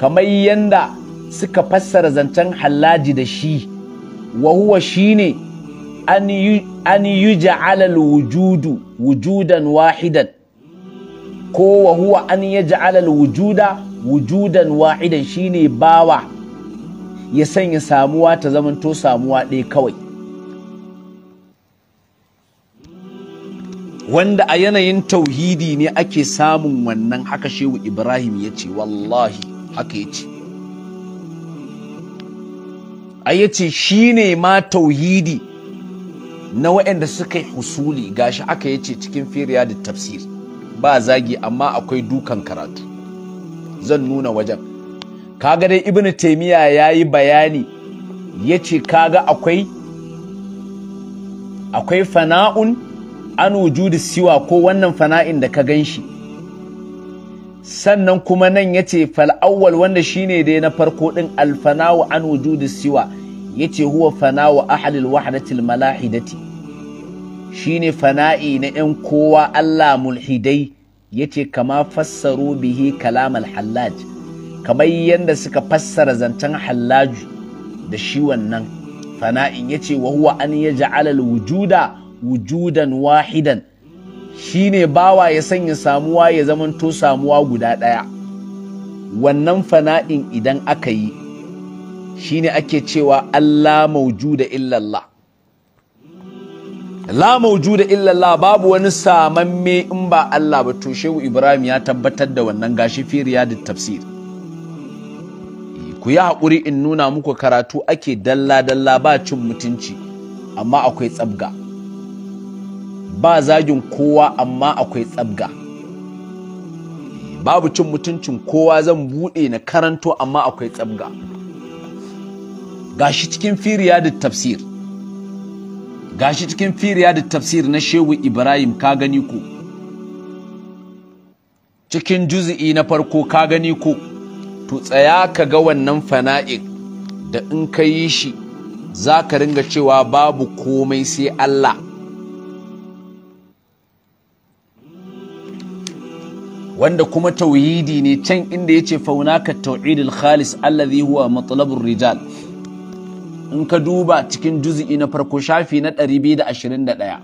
Speaker 1: kamar yanda suka fassara zancen hallaji da shi wa huwa shine an yuj'ala al-wujudu wujudan wahidan ko wa huwa an wujuda wujudan wahidan shine bawa ya sanya samuwa ta zamanto samuwa ɗaya kawai wanda a yanayin tauhidi ne ake samun wannan haka shehu ibrahim ya ce wallahi haka ya ce a ya ce shi ne ma tauhidi na waɗanda suka yi husuli gashi aka ya ce cikin firiya da tafsir ba zagi amma akwai dukan karatu zan nuna wajen kaga dai Ibn taimiyya ya yi bayani ya ce kaga akwai akwai fana'un an wujudu siwa ko wannan fana'in da ka gan shi sannan kuma nan ya ce fal'awwal wanda shi ne dai na farko ɗin alfanawa an wujudu siwa ya ce huwa fanawa ahalil wahdatil malahidati ne fana'i na 'yan kowa Allah mulhidai ya ce kama fassaro bihi kalamal hallaj kamar yadda suka fassara zancen hallaju da shi wannan fana'in ya ce wa huwa an ya wujuda wujudan wahidan shine bawa ya sanya samuwa ya zamanto samuwa guda ɗaya wannan fana'in idan aka yi shine ake cewa Allah da illallah la da illallah babu wani samamme in ba Allah ba to shehu Ibrahim ya tabbatar da wannan gashi fi riyadit tafsir ku yi haƙuri in nuna muku karatu ake dalla-dalla ba cin mutunci amma akwai tsabga. ba zagin kowa amma akwai tsabga babu cin mutuncin kowa zan buɗe na karanto amma akwai tsabga gashi cikin firiya da tafsir gashi cikin firiya da tafsir na shehu ibrahim ka gani ko cikin juzi'i na farko ka gani ko to tsaya ka ga wannan fana'ik da in ka yi shi za ka ringa cewa babu komai sai allah wanda kuma tauhidi ne can inda yace faunaka Tauhidil tauhidul khalis allazi huwa matlabur rijal in ka duba cikin juzi'i na farko shafi na 221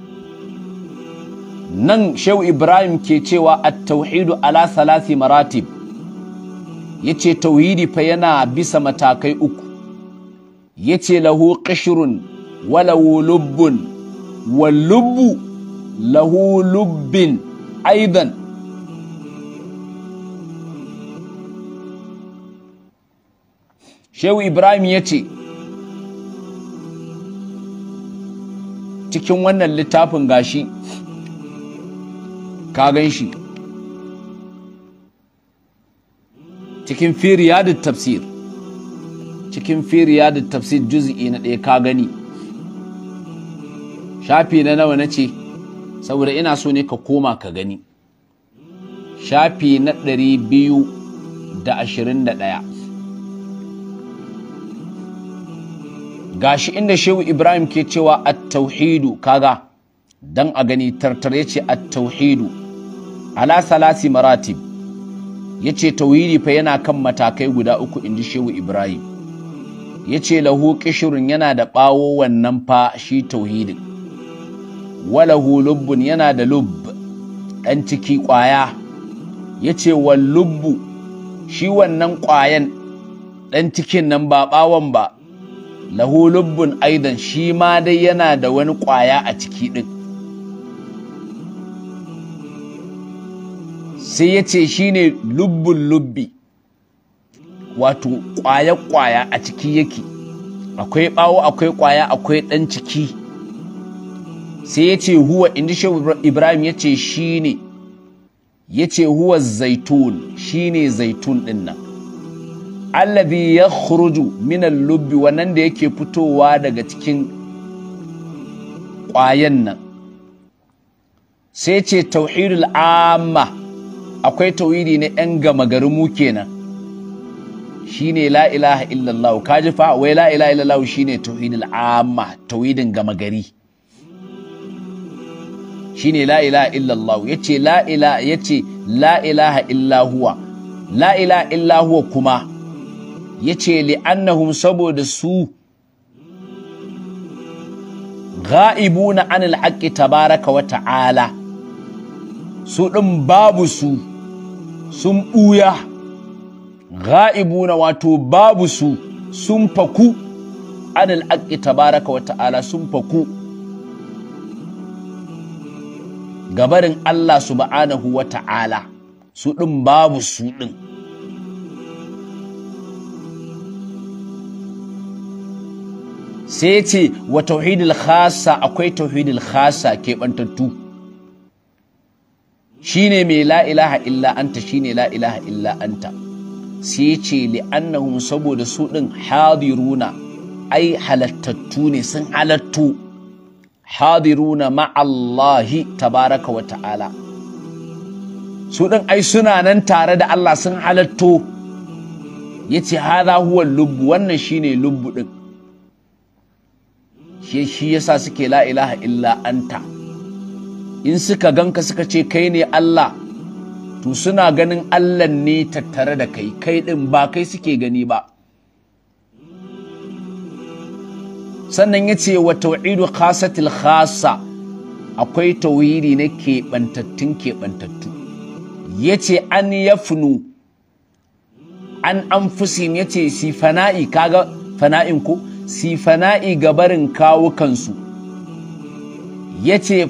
Speaker 1: nan shehu ibrahim ke cewa at-tauhidu ala salasi maratib yace tauhidi fa yana bisa matakai uku yace lahu qishrun wala lubbun wal lubbu lahu lubbin aidan shehu ibrahim ya ce cikin wannan littafin gashi ka gan shi cikin firiyadin tafsir cikin firiyadin tafsir juz'i na ɗaya ka gani shafi na nawa na ce saboda ina so ne ka koma ka gani shafi na ɗari biyu da ashirin da ɗaya gashi inda shehu ibrahim ke cewa at-tauhidu kaga dan a gani tartare ce at-tauhidu ala salasi maratib yace tauhidi fa yana kan matakai guda uku inji shehu ibrahim yace lahu kishirin yana da bawo wannan fa shi tauhidin walahu lubbun yana da lubb dan ciki kwaya yace wal lubbu shi wannan kwayan dan cikin nan ba bawon ba lahu lubbun aidan shi ma dai yana da wani ƙwaya a ciki ɗin sai ya ce shi ne lubbun lubbi wato ƙwaya-ƙwaya a ciki yake akwai ɓawo akwai ƙwaya akwai ɗan ciki sai ya ce huwa inda shi ibrahim ya ce shi ne ya ce huwa zaitun shi ne zaitun ɗin nan allazi ya khuruju minan lubbi wannan da yake fitowa daga cikin ƙwayan nan sai ce tauhidul amma akwai tauhidi na 'yan gama gari mu kenan shine la ilaha illallah kaji fa wai la ilaha illallah shine tauhidul amma tauhidin gama gari shine la ilaha illallah yace la ilaha yace la ilaha illahuwa la ilaha illahuwa kuma ya ce li'annahum saboda su na anil haqqi tabaraka wa ta'ala su ɗin babu su sun ɓuya na wato babu su sun faku anil haqqi tabaraka wa ta'ala sun faku gabarin Allah subhanahu wa ta'ala su ɗin babu su ɗin sai ce wa tauhidul khasa akwai tauhidul khasa keɓantattu shine mai la ilaha illa anta shine la sai ce li'annahum saboda su ɗin hadiruna ai halattattu ne sun halattu hadiruna ma'allahi tabaraka wa ta'ala su ɗin ai suna nan tare da Allah sun halatto ya ce haza huwa lubbu wannan shine lubbu ɗin shi ya sa suke la ilaha illa anta in suka ganka suka ce kai ne Allah to suna ganin Allah ne tattare da kai kai ɗin ba kai suke gani ba sannan ya ce wa tauhidu khasatil khasa akwai tauhidi na keɓantattun keɓantattu ya ce an ya funu an anfusim ya ce si fana'i kaga fana'in ko Sifana'i gabarin kawukansu ya ce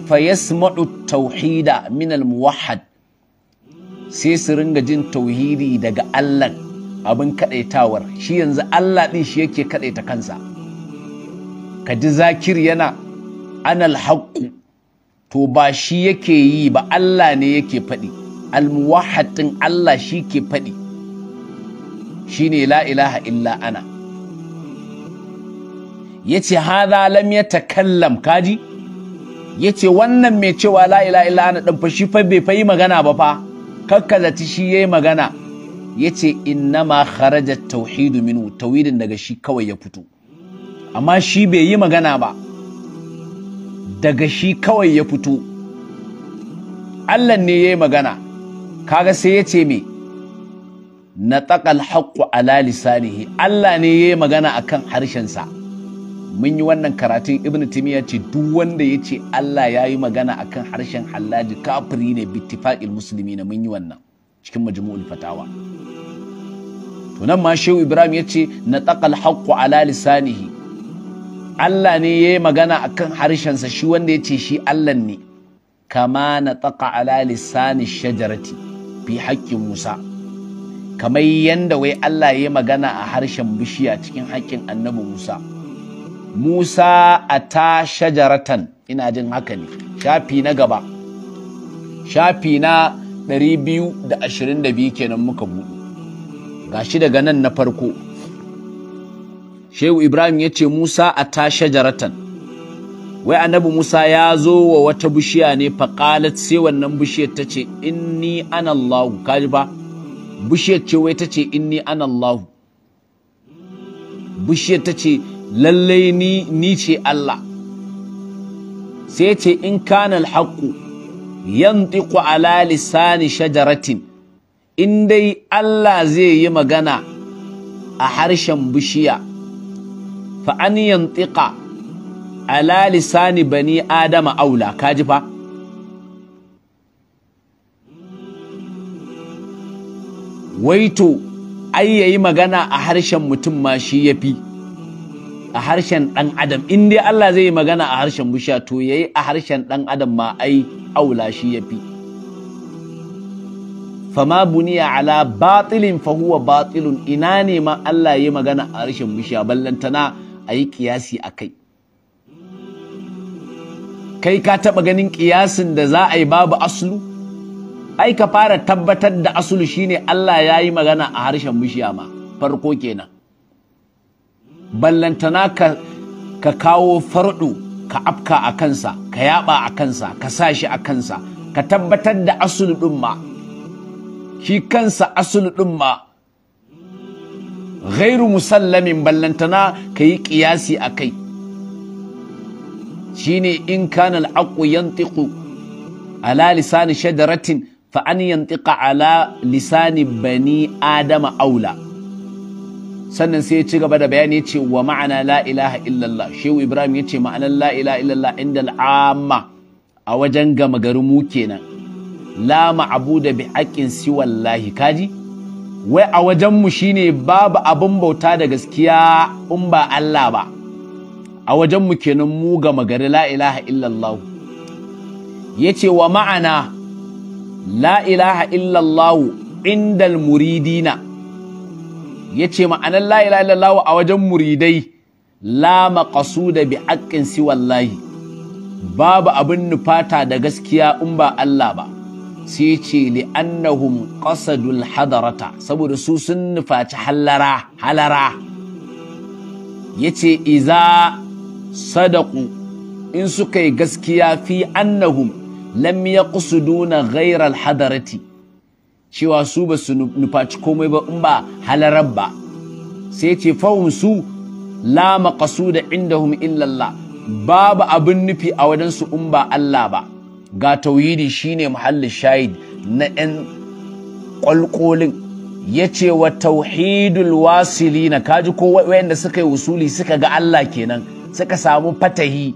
Speaker 1: maɗu tauhida minal muwahad sai su ringa jin tauhidi daga Allah abin kaɗaitawar. shi yanzu Allah ɗin shi yake kaɗaita kansa ka ji zakir yana anal haƙƙu, to ba shi yake yi ba Allah ne yake faɗi almuwahad ɗin Allah shi ke faɗi shine la ilaha illa ana yace hadha lam takallam kaji yace wannan mai cewa la ila ana din fa shi fa bai fayi magana ba fa kakkazaci shi ya yi magana Ya ce yace ma kharaja tauhidu minu tauhidin daga shi kawai ya fito amma shi bai yi magana ba daga shi kawai ya fito Allah ne ya yi magana kaga sai ya ce me na taqal haqqu ala lisanihi Allah ne ya yi magana akan harshensa sa mun yi wannan karatun ibn timiya ce duk wanda ya ce Allah ya yi magana akan harshen halladi kafiri ne bittifaqil musulmi na mun yi wannan cikin majmu'ul fatawa Tunan ma shehu ibrahim ya ce na taqal haqqu ala lisanihi Allah ne ya yi magana akan harshensa shi wanda ya ce shi Allah ne kama na taƙa ala lisani shajarati fi haƙƙin musa kamar yanda wai Allah ya yi magana a harshen bishiya cikin haƙƙin annabi musa Musa a ta shajaratan ina jin haka ne shafi na gaba shafi na 222 kenan muka buɗe gashi daga nan na farko Shehu Ibrahim ya ce Musa a ta shajaratan wai annabi Musa ya zo wa wata bishiya ne faƙalat sai wannan bishiyar ta ce inni an Allahu kaji ba bishiyar ce wai ta ce inni an Allahu bishiyar ta ce lallai ni ni ce Allah sai ce in kana alhaqu yantiqu ala lisani shajaratin in dai Allah zai yi magana a harshen bishiya fa an yantiqa ala lisani bani adama aula kaji fa waito ai yayi magana a harshen mutum ma shi yafi fi a harshen ɗan adam in dai Allah zai yi magana a harshen bishiya to yayi a harshen ɗan adam ma ai aula shi ya fi. fama buniya ala batilin fahuwa batilun ina ne ma Allah yi magana a harshen bushiya ballantana yi kiyasi a kai Kai ka taɓa ganin kiyasin da za a yi babu asulu ai ka fara tabbatar da asulu shine Allah ya yi magana a harshen bishiya ma farko kenan ballantana ka kawo fardu ka afka a kansa ka yaba a kansa ka sa shi a kansa ka tabbatar da asulu ma shi kansa asulu ma ghairu musallamin ballantana ka yi ƙiyasi a kai shine in kana al'aqu yantiku. ala lisani shadaratin fa an yantiqa ala lisani bani adama aula sannan sai ya ci gaba da bayani ce wa ma'ana la ilaha illallah shehu ibrahim ya ce ma'anar la ilaha illallah inda al'amma a wajen gama gari mu kenan la da bi siwallahi kaji wai a wajen mu shine babu abin bauta da gaskiya in ba Allah ba a wajen mu kenan mu gama gari la ilaha illallah Ya ce wa ma'ana la ilaha illallah indal muridina ya ce ma'anar la ilaha a wajen muridai la maqsuda bi haqqin babu abin nufata da gaskiya in ba Allah ba sai ce li'annahum qasadul hadarata saboda su sun nufaci halara halara yace iza sadaku in suka yi gaskiya fi annahum lam yaqsuduna ghayra al hadarati cewa su ba su nufaci komai ba in ba halarar ba sai ce fahim su la da inda hum illallah babu abin nufi a wadansu in ba Allah ba ga tauhidi shine muhallin shahid na 'yan ƙwalƙolin ya ce wa tauhidul wasili na kaji ko wayanda suka yi wusuli suka ga Allah kenan suka samu fatahi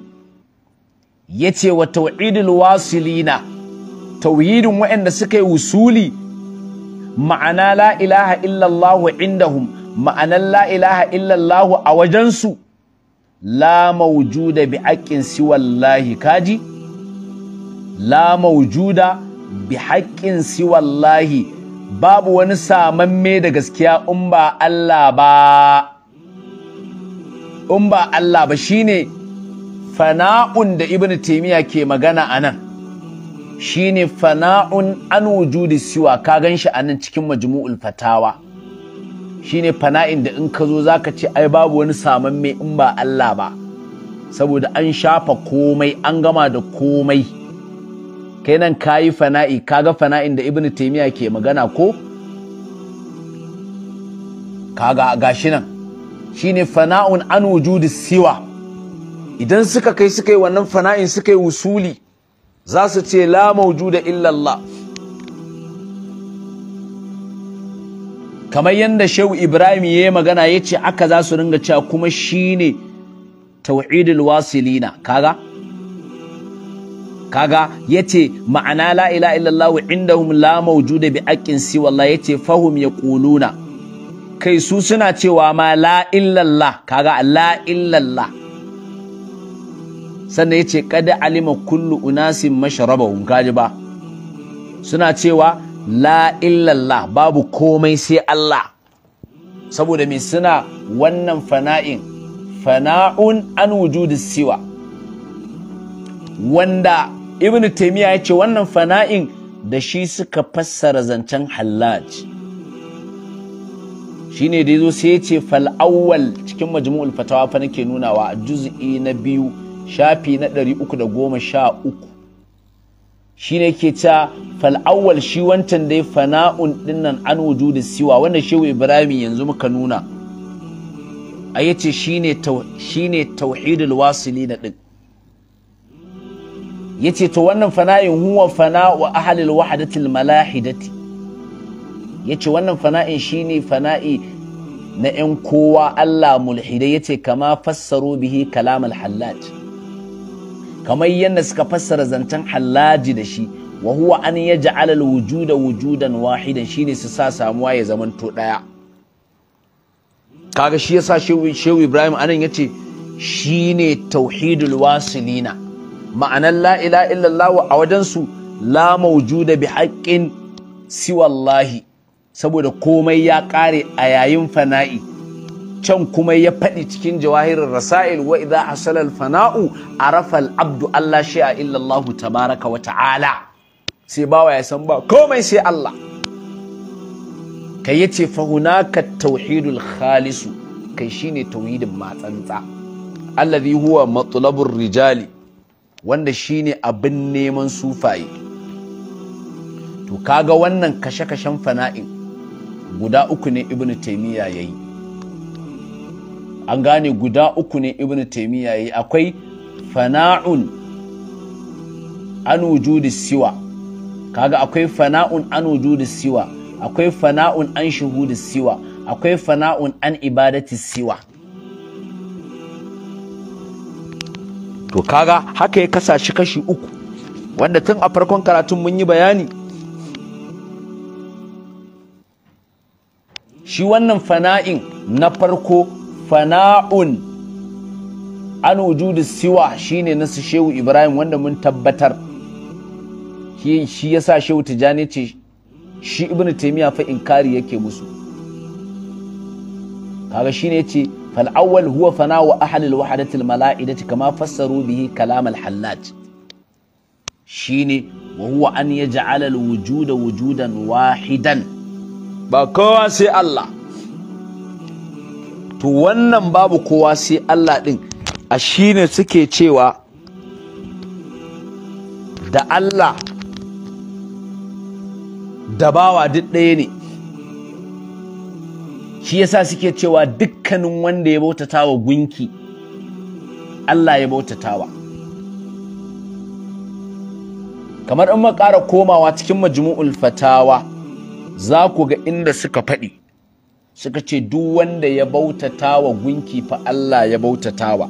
Speaker 1: ya ce wa tauhidul wasili na tauhidin wayanda suka yi wusuli ma'ana la ilaha illallahu indahum ma'anan la ilaha illallahu a wajensu la maujuda bi haƙƙin siwallahi kaji la maujuda bi haƙƙin siwallahi babu wani samamme da gaskiya in ba Allah ba in ba Allah ba shine fana'un da ibnu taymiya ke magana anan shine fana'un an wujudi siwa ka gan shi a nan cikin majmu'ul fatawa shine fana'in da in ka zo za ka ce ai babu wani saman mai in ba Allah ba saboda an shafa komai an gama da komai kai nan kayi fana'i ga fana'in da Ibn taimiya ke magana ko Ka ga gashi nan shine fana'un an wujudi siwa idan suka kai suka yi wannan fana'in suka yi wusuli za su ce la da illallah kamar yadda shehu ibrahim ya yi magana ya ce aka za su ringa cewa kuma shi shine tauhidul wasilina kaga kaga yace ma'ana la ilaha illallah wa indahum la mawjuda bi aqin si wallahi yace fahum yaquluna kai su suna cewa ma la illallah kaga la sannan ya ce kada alima kullu unasin masharabahum kaji ba suna cewa la illallah babu komai sai Allah saboda me suna wannan fana'in fana'un an wujudu siwa wanda ibn taimiyya ya ce wannan fana'in da shi suka fassara zancen hallaj shine da yazo sai ya ce fal'awwal cikin majmu'ul fatawa fa nake nunawa a juz'i na biyu shafi na 313 shi ne ke ta fal'awwal shi wancan dai fana'un dinnan an wujudu siwa wanda shehu ibrahim yanzu muka nuna a yace shi ne tauhidul wasili na ɗin ya ce to wannan fana'in huwa fana'u ahalil wahadatil malahidati ya ce wannan fana'in shi ne fana'i na 'yan kowa Allah mulhidai ya ce kama fassaro bihi kalam al kamar yadda suka fassara zancen hallaji da shi wa huwa an yaj'ala al-wujuda wujudan wahidan shine su sa samuwa ya zamanto daya kaga shi yasa shehu Ibrahim anan yace shine tauhidul wasilina ma'anan la ilaha illallah a wajen su la mawjuda bi haqqin siwallahi saboda komai ya kare a yayin fana'i can kuma ya faɗi cikin jawahirin rasail wa idza hasala fana'u arafa al-abdu Allah shi'a illa Allah tabaraka wa ta'ala sai bawa ya san ba komai sai Allah kai yace fa hunaka tauhidul khalis kai shine tauhidin matsantsa alladhi huwa matlabur rijali wanda shine abin neman sufaye to kaga wannan kashe-kashen fana'in guda uku ne ibnu taymiya yayi an gane guda uku ne ibn taimiyya yi akwai fana'un an wujudu siwa kaga akwai fana'un an wujudu siwa akwai fana'un an shuhudi siwa akwai fana'un an ibadati siwa to kaga haka ya kasa shi kashi uku wanda tun a farkon karatun mun yi bayani shi wannan fana'in na farko fana'un an wujudu siwa shine nasu shehu ibrahim wanda mun tabbatar shi yasa shehu tijani ce shi ibnu taimiya fa inkari yake musu kaga shine yace fal huwa fana'u ahalil al wahadati mala'idati kama fassaru bihi kalam al hallaj shine wa huwa an yaj'ala al wujuda wujudan wahidan ba kowa sai Allah to wannan babu kowa sai Allah ɗin a ne suke cewa da Allah da bawa duk ɗaya ne shi yasa suke cewa dukkanin wanda ya bautata wa gunki Allah ya bautatawa kamar in ma ƙara komawa cikin majmu'ul fatawa za ku ga inda suka faɗi suka ce duk wanda ya bautata wa gunki fa Allah ya bautata wa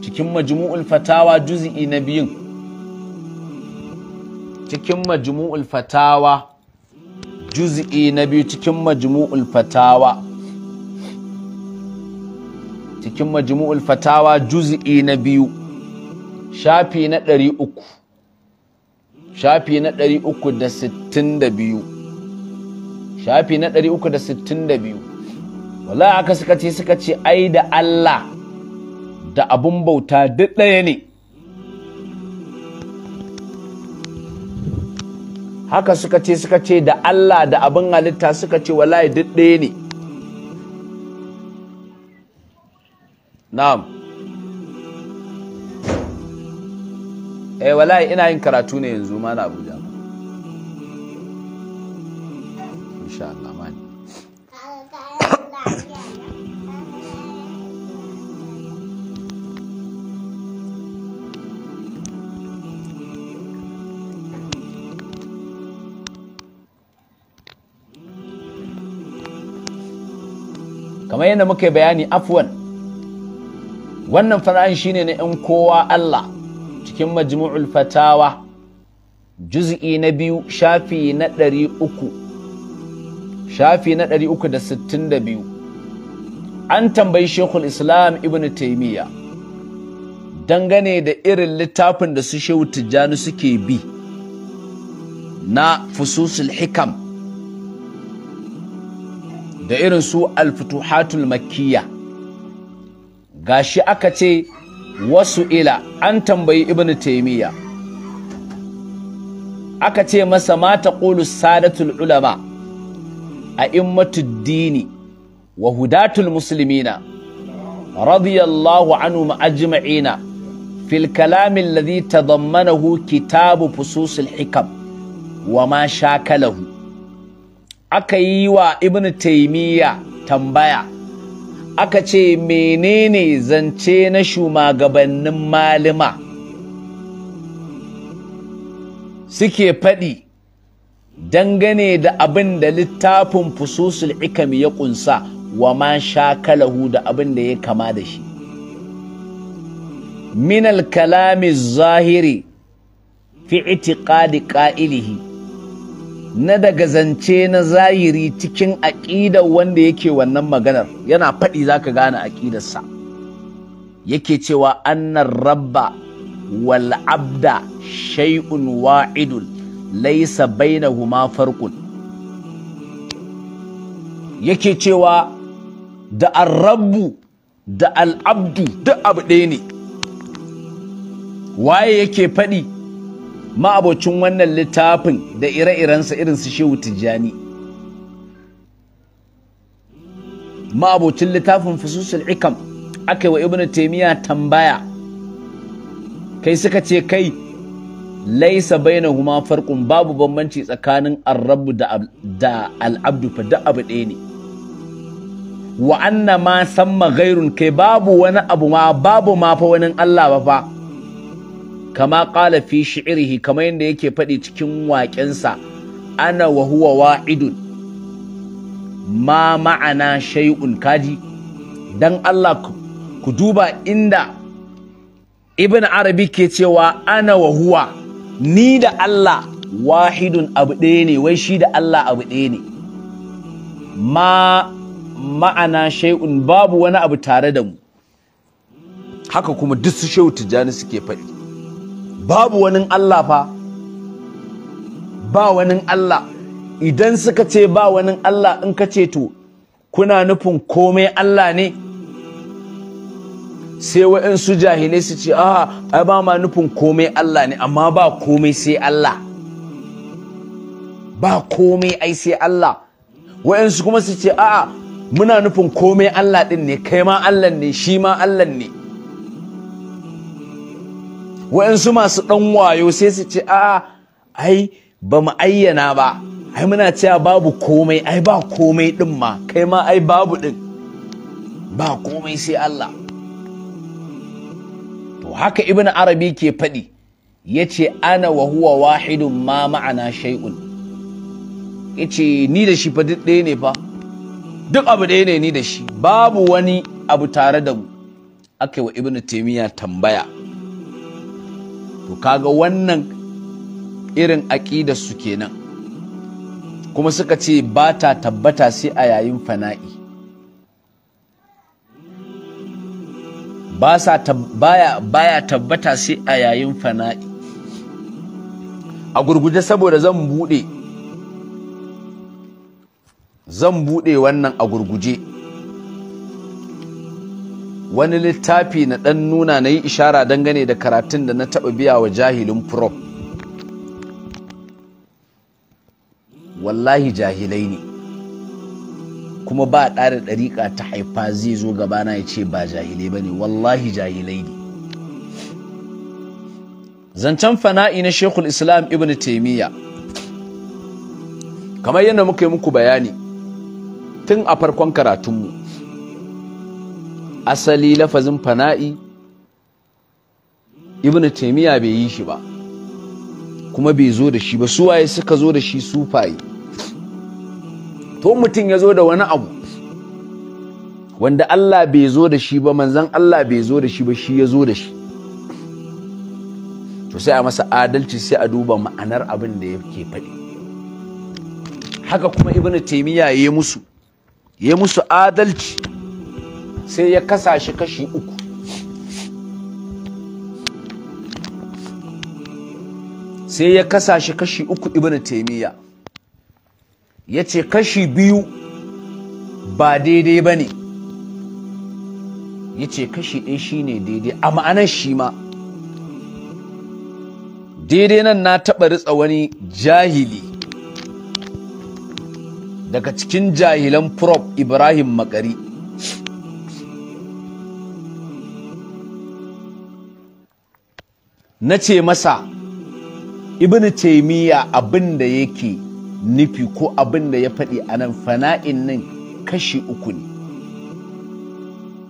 Speaker 1: cikin majmu'ul fatawa juz'i na biyun cikin majmu'ul fatawa juz'i na biyu cikin majmu'ul fatawa cikin majmu'ul fatawa juz'i na biyu shafi na ɗari uku shafi na ɗari uku da sittin da biyu shafi na 362 wala aka suka ce suka ce ai da Allah da abun bauta duk ɗaya ne haka suka ce suka ce da Allah da abin halitta suka ce wallahi duk ɗaya ne na'am eh wallahi ina yin karatu ne yanzu ma na Abuja kamar yadda muka bayani afwan wannan fara'in shine na 'yan kowa Allah cikin majmu'ul fatawa juz'i na biyu shafi na ɗari uku shafi na ɗari uku da sittin da biyu an tambayi shekul islam ibn taimiyya dangane da irin littafin da su shehu tijjani suke bi na fususul hikam da irin su alfutuhatul makkiya gashi aka ce wasu ila an tambayi ibn taimiyya aka ce masa mata ƙulu sadatul ulama a immatuddini dini wa hudatul musulmina radiyallahu anhu ajma'ina fil kalamin ladhi tadammanahu kitabu fususul hikam wa ma shakalahu aka yi wa ibn taimiyya tambaya aka ce menene zance na shugabannin malima suke faɗi dangane da abin da littafin fususul ikami ya ƙunsa wa ma shakalahu da abin da ya kama da shi minal kalami zahiri fi itiqadi ƙa'ilihi na daga zance na zahiri cikin aƙidar wanda yake wannan maganar yana faɗi za ka gane aƙidarsa yake cewa annan rabba wal abda shay'un wa'idun laisa bainahuma farkun. yake cewa da arrabu da al'abdu duk abu ɗaya ne waye yake faɗi ma'abocin wannan littafin da ire-irensa irin su shehu tijjani ma'abocin littafin fususul ikam aka yi wa Ibn taimiyya tambaya kai suka ce kai laisa baina huma farkun babu bambanci tsakanin arrabu da al'abdu fa da abu ɗaya ne Wa'anna ma samma gairun kai babu wani abu ma babu ma fa wani Allah ba fa kama ƙala fi shi'irihi kamar yadda yake faɗi cikin waƙensa ana wa huwa wa'idun ma ma'ana shay'un kaji dan Allah ku duba inda ibn arabi ke cewa ana wa huwa ni da Allah wahidun abu ɗaya ne wai shi da Allah abu ɗaya ne ma ma'ana shay'un babu wani abu tare da mu haka kuma duk su shehu tijjani suke faɗi babu wani Allah fa ba wani Allah idan suka ce ba wani Allah in ka ce to kuna nufin komai Allah ne sai waɗansu jahilai su ce a ai ba ma nufin komai Allah ne amma ba komai sai Allah ba komai ai sai Allah waɗansu kuma su ce a'a muna nufin komai Allah ɗin ne kai ma Allah ne shi ma Allah ne Wa'ansu masu ɗan wayo sai su ce a ai ba mu ayyana ba ai muna cewa babu komai ai ba komai ɗin ma kai ma ai babu ɗin ba komai sai Allah to haka ibn arabi ke faɗi ya ce ana wa huwa wahidun ma ma'ana shaikun. ya ce ni da shi fa ɗaya ne fa duk abu ɗaya ne ni da shi babu wani abu tare da mu aka yi wa ibn taimiyya tambaya to kaga wannan irin aƙida su kenan kuma suka ce ba ta tabbata sai a yayin fana'i ya tabbata sai a yayin fana'i a gurguje saboda zan bude zan buɗe wannan a gurguje wani littafi na ɗan nuna na yi ishara dangane da karatun da na taɓa biya wa jahilin pro wallahi jahilai ne kuma ba ɗara ɗariƙa ta haifa zai zo gaba na ya ce ba jahilai ba ne wallahi jahilai ne zancen fana'i na shekul islam ibn taimiyya kamar yadda muka yi muku bayani tun a farkon karatunmu asali lafazin fana'i ibn taimiyya bai yi shi ba kuma bai zo da shi ba su waye suka zo da shi sufaye to mutum ya zo da wani abu wanda Allah bai zo da shi ba manzan Allah bai zo da shi ba shi ya zo da shi to sai a masa adalci sai a duba ma'anar abin da yake faɗi haka kuma ibn taimiyya ya yi musu ya musu adalci sai ya kasa shi kashi uku sai ya kasa shi kashi uku ibn taimiyya ya ce kashi biyu ba daidai ba ne ya ce kashi ɗaya shi ne daidai a ma'anar shi ma daidai nan na taɓa ritsa wani jahili daga cikin jahilan prop ibrahim makari na ce masa ibn taimiyya abin da yake nufi ko abin da ya faɗi a nan fana'in nan kashi uku ne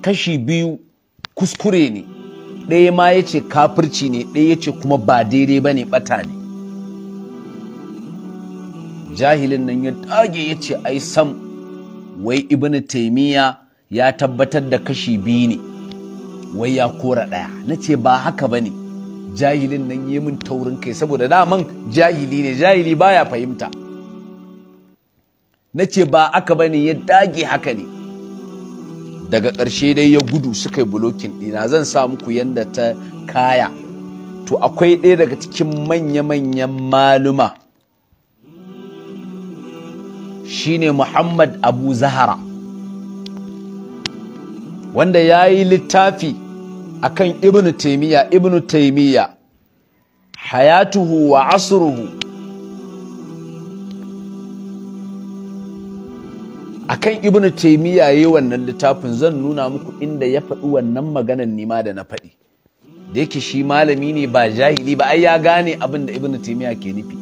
Speaker 1: kashi biyu kuskure ne ɗaya ma ya ce kafirci ne ɗaya ya ce kuma ba daidai ba ne ɓata ne jahilin nan ya tage ya ce ai sam wai ibn taimiyya ya tabbatar da kashi biyu ne wai ya kora ɗaya na ce ba haka ba ne jahilin nan yi min taurin kai saboda daman jahili ne jahili baya fahimta na ce ba aka bane ya dage haka ne daga ƙarshe dai ya gudu suka yi bulokin ɗina zan sa muku yadda ta kaya to akwai ɗaya daga cikin manya-manyan maluma shine muhammad abu zahara wanda ya yi littafi akan ibn taimiyya ibn taimiyya hayatuhu wa asruhu akan ibn taimiyya yayi wannan littafin zan nuna muku inda ya faɗi wannan maganar nima da na faɗi da yake shi malami ne ba jahili ba ai ya gane abin da ibn taimiyya ke nufi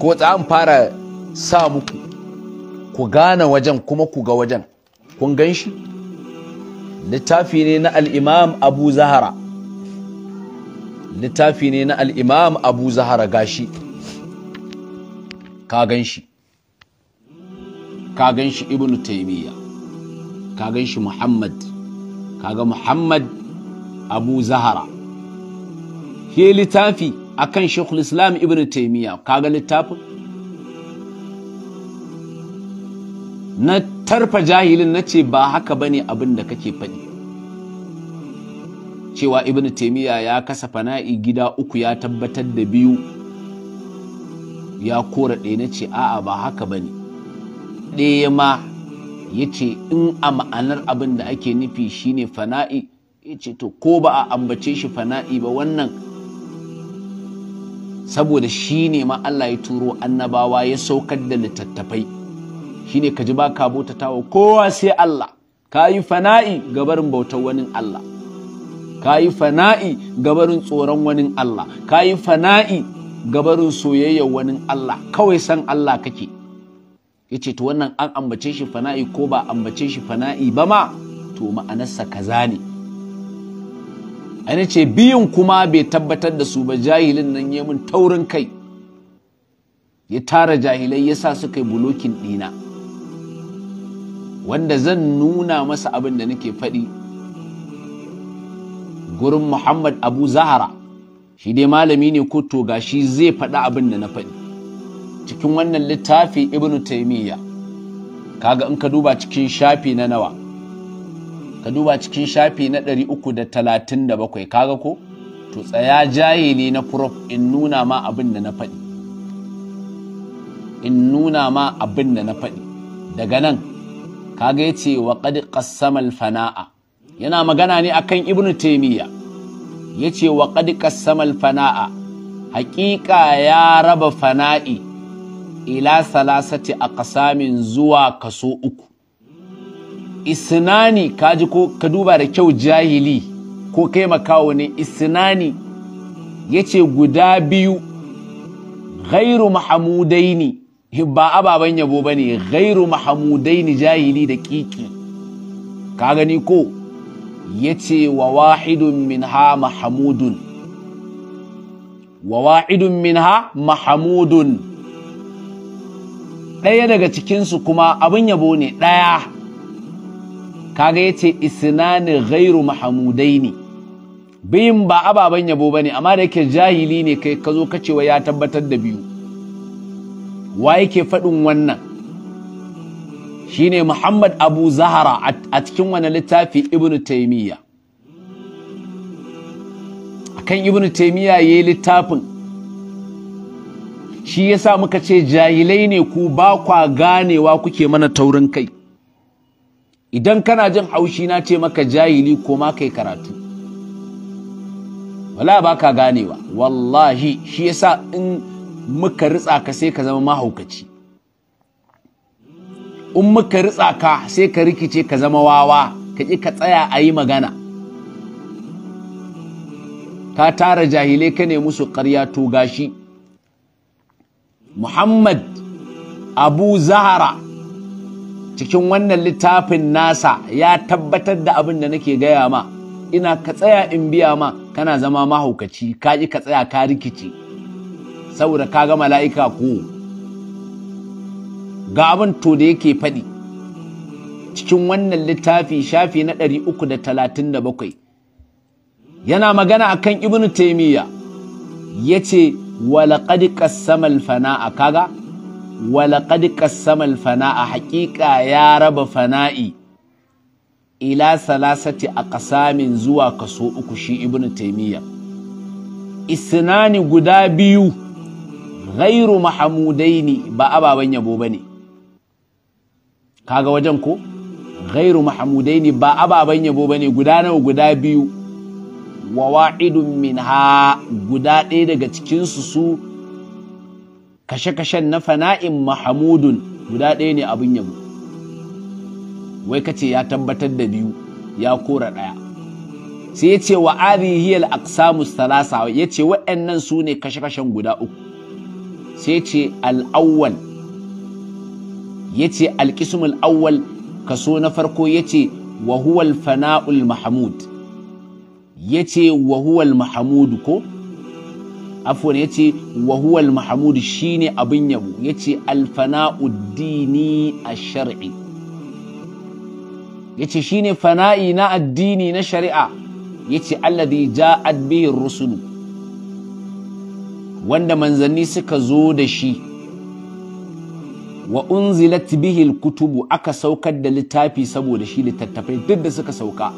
Speaker 1: ko za mu fara sa muku ku gane wajen kuma ku ga wajen kun gan shi littafi ne na al'imam abu zahara littafi ne na al'imam abu zahara gashi ka gan shi ka gan shi ibn taimiyya ka gan shi muhammad ka ga muhammad abu zahara He littafi a kan shekul islam ibn taimiyya ka ga littafin na tarfa jahilin na ce ba haka bane abin da kake faɗi cewa ibn taimiyya ya kasa fana'i gida uku ya tabbatar da biyu ya kora ɗaya na ce a'a ba haka bane ɗaya ma ya ce in a ma'anar abin da ake nufi shine fana'i ya ce to ko ba a ambace shi fana'i ba wannan saboda shi ne ma Allah ya turo annabawa ya saukar da littattafai shine ka ji ba baka tawa kowa sai Allah ka yi fana'i gabarin bautar wani Allah ka yi fana'i gabarin tsoron wani Allah ka yi fana'i gabarin soyayyar wani Allah kawai san Allah kake ce to wannan an ambace shi fana'i ko ba ambace shi fana'i ba ma to ma'anarsa kaza ne ce biyun kuma bai tabbatar da su ba jahilin nan yamin taurin kai ya tara jahilai ya sa suka yi bulokin ɗina wanda zan nuna masa abin da nake faɗi gurin Muhammad Abu Zahara shi dai malami ne kuto shi zai faɗi abin da na faɗi cikin wannan littafi Ibn taimiyya kaga in ka duba cikin shafi na nawa ka duba cikin shafi na 337 kaga ko to tsaya jaye ne na prof in nuna ma abin da na faɗi in nuna ma abin da na faɗi daga nan kaga yace wa qad qassama al-fana'a yana magana ne akan ibnu taymiya yace wa qad qassama al-fana'a haqiqa ya raba fana'i ila salasati aqsamin zuwa kaso uku isnani kaji ko ka duba da kyau jahili ko kai makawo ne isnani yace guda biyu ghairu mahmudaini ba ababen yabo ba ne gairu mahamudaini jahili da kiki ka gani ko ya ce wa wahidun min ha mahamudun wa wa'idun min ha mahamudun ɗaya daga cikinsu kuma abin yabo ne ɗaya kaga ya ce isinani gairu ne biyun ba ababen yabo ba ne amma da yake jahili ne kai ka zo kacewa ya tabbatar da biyu wa yake faɗin wannan shine Muhammad Abu Zahara a cikin wani littafi Ibn kan ibnu Ibn ya yi littafin shi ya sa muka ce jahilai ne ku ba kwa ganewa kuke mana taurin kai idan kana jin haushi na ce maka jahili ko ma kai karatu wala ba ka ganewa wallahi shi ya sa in muka ritsa ka sai ka zama mahaukaci in muka ritsa ka sai ka rikice ka zama wawa ka ƙi ka tsaya a yi magana ka tara jahilai ka ne musu ƙarya to gashi muhammad abu zahara cikin wannan littafin nasa ya tabbatar da abin da nake gaya ma ina ka tsaya in biya ma kana zama mahaukaci ka ƙi ka tsaya ka rikice saboda ka ga mala'ika ko? ga abin to da yake faɗi cikin wannan littafi shafi na 337 yana magana a kan ibnu taimiyya ya ce ƙasamal fana fana'a kaga ƙasamal fana fana'a haƙiƙa ya raba fana'i ila salasati a ƙasamin zuwa kaso uku shi ibnu taimiyya isnani guda biyu ghairu mahamudaini ba ababen yabo ba ne kaga wajen ko ghairu mahamudaini ba ababen yabo ba ne guda nawa guda biyu wa wa'idun minha guda ɗaya daga cikinsu su kashe-kashen na fana'in mahamudun guda ɗaya ne abin yabo wai kace ya tabbatar da biyu ya kora ɗaya sai ya ce wa adihiyar aksamus talasa ya ce waɗannan su ne kashe-kashen guda uku sai ce al'awwal ya ce alƙismul awwal kaso na farko ya ce wahuwal fana'ul mahamud ya ce wahuwal mahamudu ko afuwan ya ce wahuwal Mahmudu shine abin yabo ya ce alfana'uddini a shar'i ya ce shine fana'i na addini na shari'a ya ce alladhi a bihi rusulu wanda manzanni suka zo da shi wa unzilat bihi kutubu aka saukar da littafi saboda shi littattafai duk da suka sauka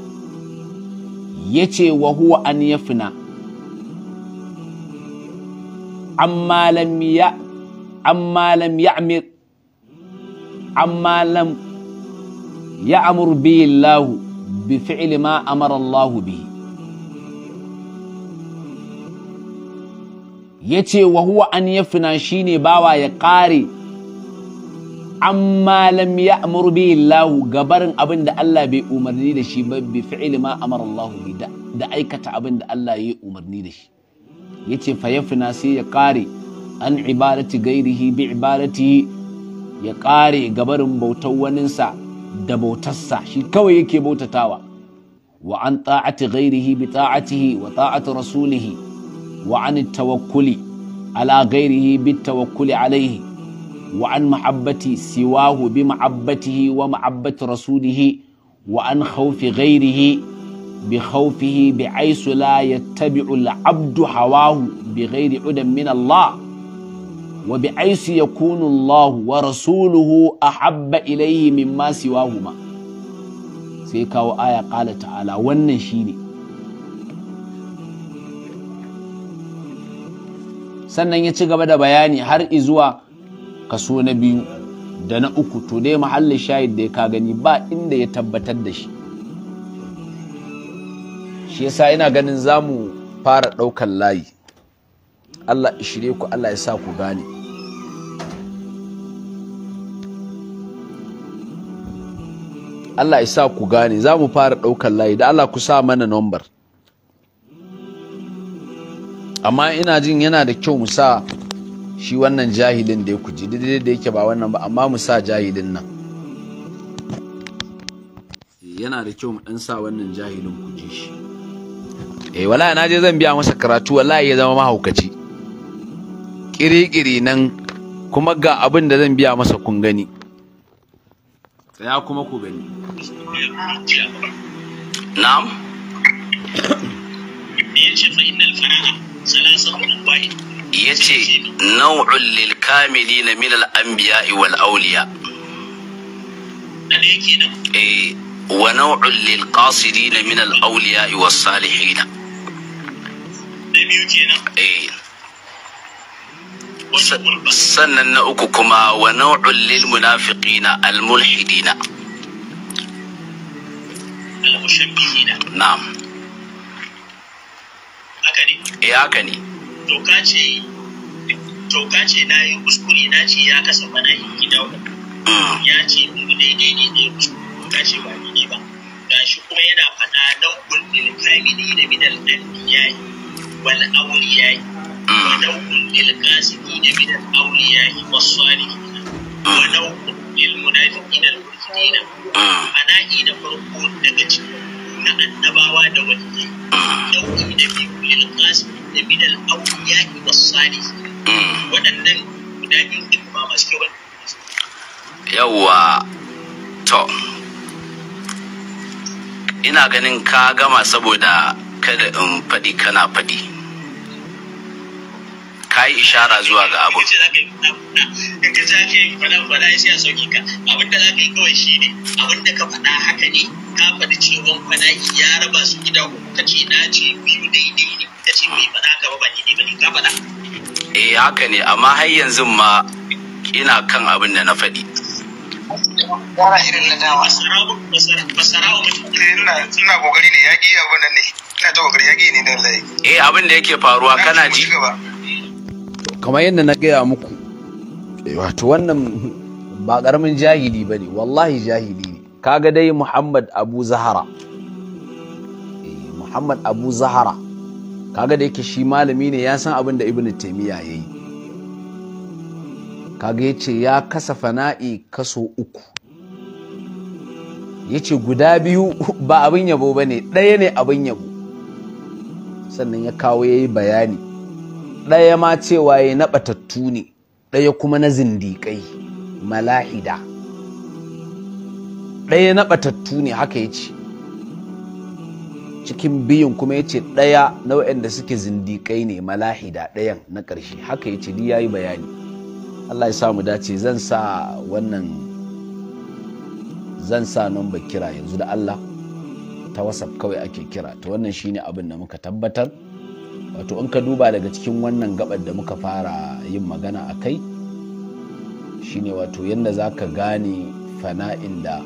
Speaker 1: yace wa huwa an yafna amma lam ya amma lam ya'mir amma lam ya'mur bihi Allah bi fi'li ma amara Allah bihi ya ce wa huwa an yafina shi ne bawa ya ƙare an malam ya amuru bi lahu gabarin abin da Allah bai umarni da shi ba bi fi'il ma amara Allah da aikata abin da Allah ya umarni da shi Yace ce fa sai ya ƙare an ibadati gairihi bi ibadati ya ƙare gabarin bautar waninsa da bautarsa shi kawai yake bautatawa wa an ta'ati gairihi bi ta'atihi wa ta'ati rasulihi وعن التوكل على غيره بالتوكل عليه وعن محبة سواه بمحبته ومحبة رسوله وعن خوف غيره بخوفه بحيث لا يتبع العبد هواه بغير عدى من الله وبحيث يكون الله ورسوله أحب إليه مما سواهما سيكاو آية قال تعالى ونشيني sannan ya ci gaba da bayani har izuwa kaso na biyu da na uku to dai mahallin shahid da ya ka gani ba inda ya tabbatar da shi shi yasa ina ganin za mu fara ɗaukar layi Allah ku Allah ya sa ku gane Allah ya sa ku gane za mu fara ɗaukar layi da Allah ku sa mana nombar amma ina jin yana da kyau mu sa shi wannan jahidin da ya kuji daidai da yake ba wannan ba amma mu sa jahidin nan yana da kyau mu dan sa wannan jahilin kuji shi eh wallahi na je zan biya masa karatu wallahi ya zama mahaukaci kirikiri nan kuma ga abin da zan biya masa kun gani tsaya kuma ku gani na'am ce fa innal faraja يتي نوع للكاملين من الأنبياء والأولياء أي ونوع للقاصدين من الأولياء والصالحين أي سنن أكوكما ونوع للمنافقين الملحدين المشبهين نعم haka ne eh haka ne to ka ce to ka ce na yi kuskure na ce ya kasa bana yi gida hmm. ya ce ni daidai ne ne kuskure ka ce ba ni ne ba gashi kuma yana faɗa don kullil kamili da minal anbiya'i wal awliya'i hmm. wa dawkun lil qasidi da minal awliya'i was salihin wa hmm. dawkun lil munafiqina al na ana da farko daga cikin na annabawa da wani nau'i da biyu lil qasim da bidal al awliya wa salih waɗannan guda biyu din ba masu kyau yawa to ina ganin ka gama saboda kada in faɗi kana faɗi ka yi ishara zuwa ga abu in ka za ka yi faɗa faɗa sai a sauki ka abin da za ka yi kawai shi ne abin da ka faɗa haka ne ka faɗi cewa faɗaki ya raba su gida uku ka ce na ce biyu daidai ne ka ce bai faɗa ka ba ba daidai ba ne ka faɗa. eh haka ne amma har yanzu ma ina kan abin da na faɗi. Yara irin na dawa. Basarawa mutum. Eh, ina kokari ne yaƙi abin da ne. Ina ta kokari yaƙi ne da lai. Eh abin da yake faruwa kana ji. kamar yadda na gaya muku eh, wato wannan ba ƙaramin jahili ba ne wallahi jahili ne kaga dai muhammad abu zahara eh, muhammad abu zahara kaga da yake shi malami ne ya san abin da ibn taimiyya ya yi kaga ya ce ya kasa fana'i kaso uku ya ce guda biyu ba abin yabo ba ne ɗaya ne abin yabo sannan ya kawo ya yi bayani ɗaya ma cewa ya na ɓatattu ne ɗaya kuma na zindiƙai mala'ida ɗaya na ɓatattu ne haka ya ce cikin biyun kuma ya ce ɗaya na waɗanda suke zindiƙai ne mala'ida ɗayan na ƙarshe haka ya ce di ya yi bayani allah ya mu dace zan sa wannan zan sa numba kira yanzu da allah ta wasaf kawai ake kira ta wannan shine abin da muka tabbatar wato in ka duba daga cikin wannan gabar da muka fara yin magana a kai shine wato yadda za ka gane fana'in da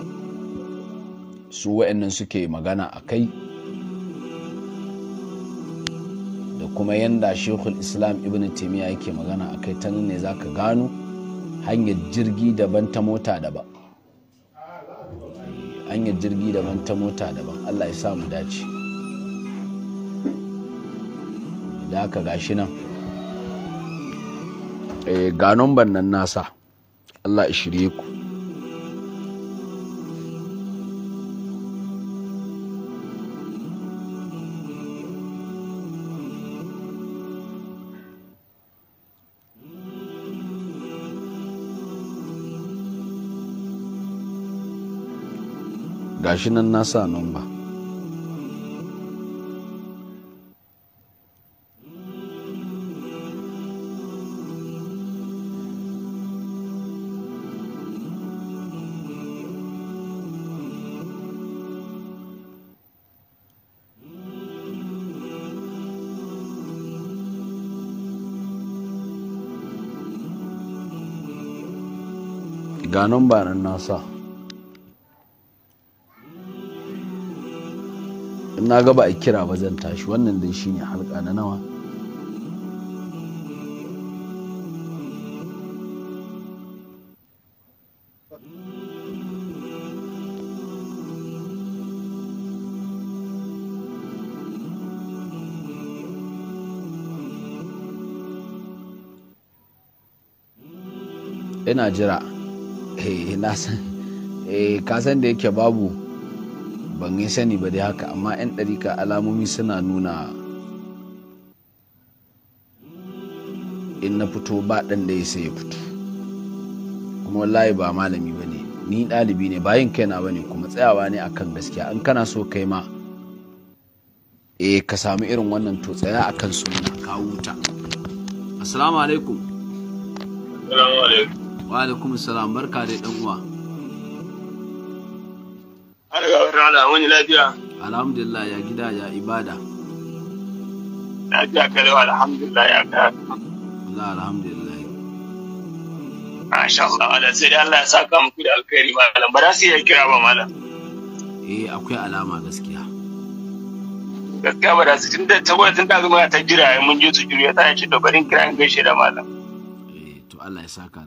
Speaker 1: su wa'annan suke magana a kai da kuma yadda shekul islam ibn taimiyya yake magana a kai ta ne za ka gano hanyar jirgi daban ta mota daban hanyar jirgi daban ta mota daban allah ya samu dace da aka gashi nan eh, ga numban nan nasa allah ya shirye ku gashi nan nasa numba ga nan ba nan nasa na ga ba a kira ba zan tashi wannan dai shine halka na nawa ina jira eh eh ka san da yake babu ban yi sani ba dai haka amma 'yan ɗarika alamomi suna nuna in na fito ba ɗan da ya sai ya fito kuma wallahi ba malami ba ne ni ɗalibi ne bayan kaina ba ne kuma tsayawa ne akan gaskiya in kana so kai ma eh ka samu irin wannan to tsaya akan suna kawo ta assalamu alaikum wa alaikum salam barka da dan uwa wani lafiya alhamdulillah ya gida ya ibada lafiya wa alhamdulillah ya kaya Allah alhamdulillah Masha Allah, Allah sai dai Allah ya saka muku da alkhairi malam, ba za su iya kira ba malam. Eh, akwai alama gaskiya. Gaskiya ba da su tun da saboda tun da zuma ta jira mun je su ya ta ya to barin kira in gaishe da malam. Eh, to Allah ya saka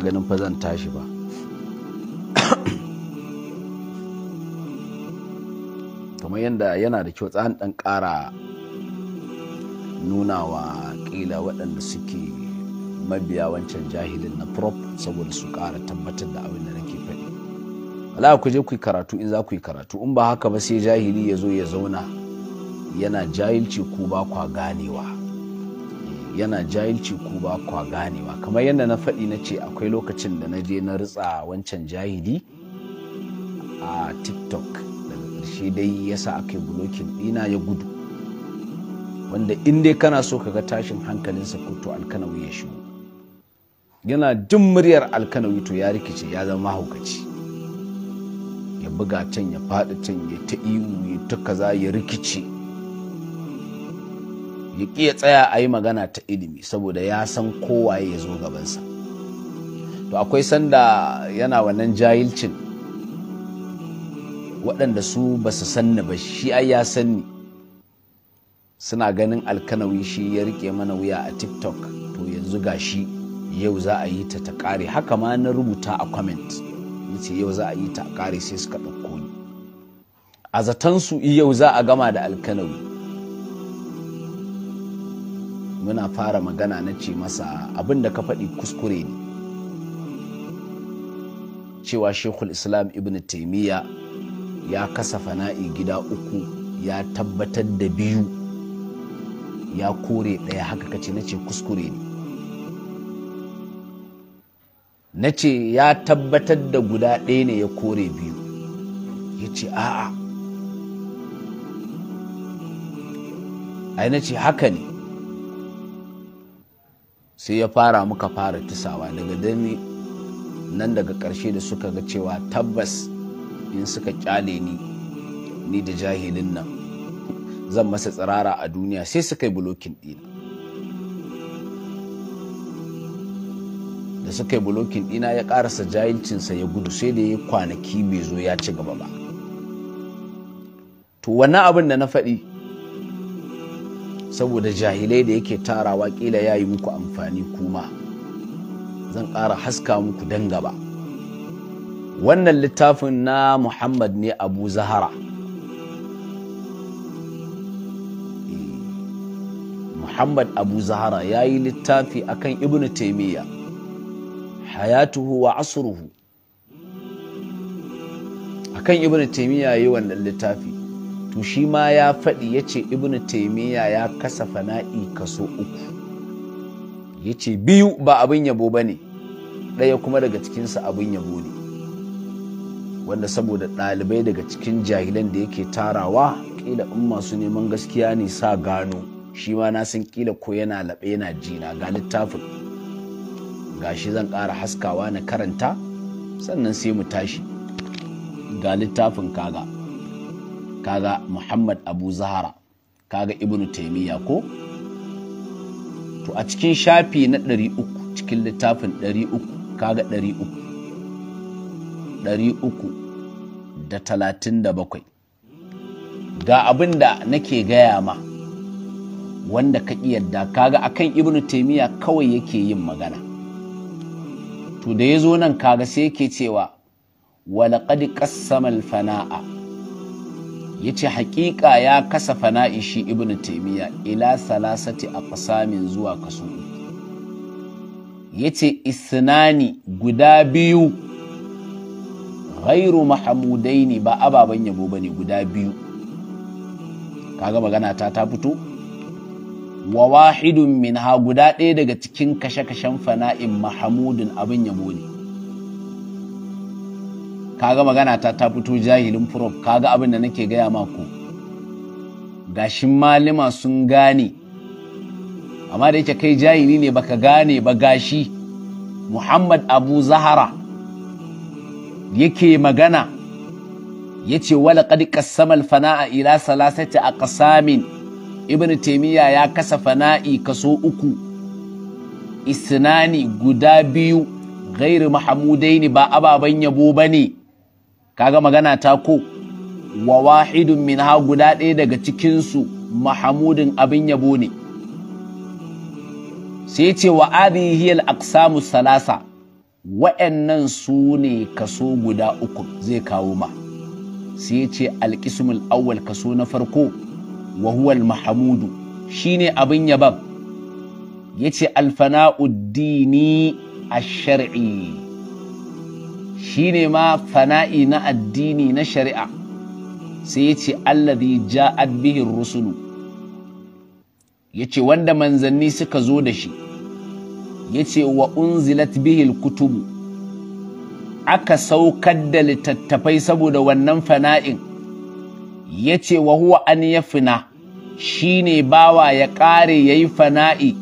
Speaker 1: ganin fa zan tashi ba kamar yadda yana da kyau tsan ɗan ƙara nunawa wa ƙila waɗanda suke mabiya wancan jahilin na prop saboda su ƙara tabbatar da abin da nake faɗi ala ku je ku yi karatu in za ku yi karatu in ba haka ba sai jahili ya zo ya zauna yana jahilci ku ba kwa ganewa yana jahilci ku ba kwa ganewa kamar yadda na faɗi na ce akwai lokacin da na je na ritsa wancan jahili a tiktok shi dai yasa aka yi bulokin ɗina ya gudu wanda in dai kana so ka ga tashin hankalin ko to alkanawi ya shigo yana jin muryar alkanawi to ya rikice ya zama mahaukaci ya buga can ya faɗi can ya ta iwu ya ta kaza ya rikice ya ya tsaya a yi magana ta ilimi saboda ya san kowaye ya zo gabansa to akwai sanda yana wannan jahilcin waɗanda su ba su sanni ba shi ai ya sanni suna ganin alkanawi shi ya rike mana wuya a tiktok to yanzu ga shi yau za a yi ta ta ƙare haka ma na rubuta a comment yace yau za a yi ta ƙare sai suka ɗauko ni a zatansu yau za a gama da alkanawi muna fara magana na ce masa abin da ka faɗi kuskure ne cewa shekul islam ibn taimiyya ya kasa fana'i gida uku ya tabbatar da biyu ya kore ɗaya haka kace na ce kuskure ne na ce ya tabbatar da guda ɗaya ne ya kore biyu ya ce a'a ai na ce haka ne sai ya fara muka fara tisawa daga dami nan daga ƙarshe da suka ga cewa tabbas in suka kyale ni ni da jahilin nan zan masa tsirara a duniya sai suka yi bulokin ɗina da suka yi bulokin ɗina ya ƙarasa jahilcinsa ya gudu sai da ya kwanaki bai zo ya ci gaba ba to wannan abin da na faɗi saboda jahilai da yake tarawa kila ya yi muku amfani kuma zan ƙara haska muku dan gaba wannan littafin na muhammad ne abu zahara eh, muhammad abu zahara ya yi littafi akan ibn taimiyya hayatuhu wa a akan ibn taimiyya ya yi wannan littafi to shi ma ya faɗi ya ce ibn taimiyya ya kasa fana'i kaso uku ya ce biyu ba abin yabo ba ne ɗaya kuma daga cikinsa abin yabo ne wanda saboda ɗalibai daga cikin jahilan da yake tarawa ƙila in masu neman gaskiya ne sa gano shi ma na san ƙila ko yana laɓe yana jina ga littafin ga shi zan ƙara haskawa na karanta sannan sai mu tashi ga littafin kaga kaga muhammad abu zahara kaga ibnu taimiyya ko to a cikin shafi na 300 cikin littafin 300 kaga 300 da talatin da bakwai ga abin da nake gaya ma wanda ka yadda kaga akan ibnu taimiyya kawai yake yin magana to da ya zo nan kaga sai yake cewa walaƙadi ƙasa fana'a ya ce haƙiƙa ya kasa fana'i shi ibn taimiyya ila salasati a ƙasamin zuwa kaso ya ce isnani guda biyu ghairu mahamudai ne ba ababen yabo ba ne guda biyu kaga magana ta ta fito wa wahidun min ha guda ɗaya daga cikin kashe-kashen fana'in mahamudin abin yabo ne kaga magana ta ta fito jahilin prof kaga abin da nake gaya maku gashin malama sun gane amma da yake kai jahili ne baka gane ba gashi muhammad abu zahara yake magana ya ce wala qad qassama fana'a ila salasati aqsamin ibn taimiyya ya kasa fana'i kaso uku isnani guda biyu gairu mahmudaini ba ababen yabo bane kaga magana ta ko wa wahidun ha guda ɗaya daga cikinsu mahamudin abin yabo ne sai ce wa adhihi al-aqsamu salasa wa'annan su ne kaso guda uku zai kawo ma sai ce alƙismul awwal kaso na farko wa huwa al-mahmudu shine abin yabab yace alfana'uddini a shari Shi ne ma fana'i na addini na shari'a sai ya ce allazi ja'at bihi rusulu ce wanda manzanni suka zo da shi Ya ce wa unzilat bihi kutubu aka saukar da littattafai saboda wannan fana'in Ya yace wa huwa an Shi ne bawa ya kare yayi fana'i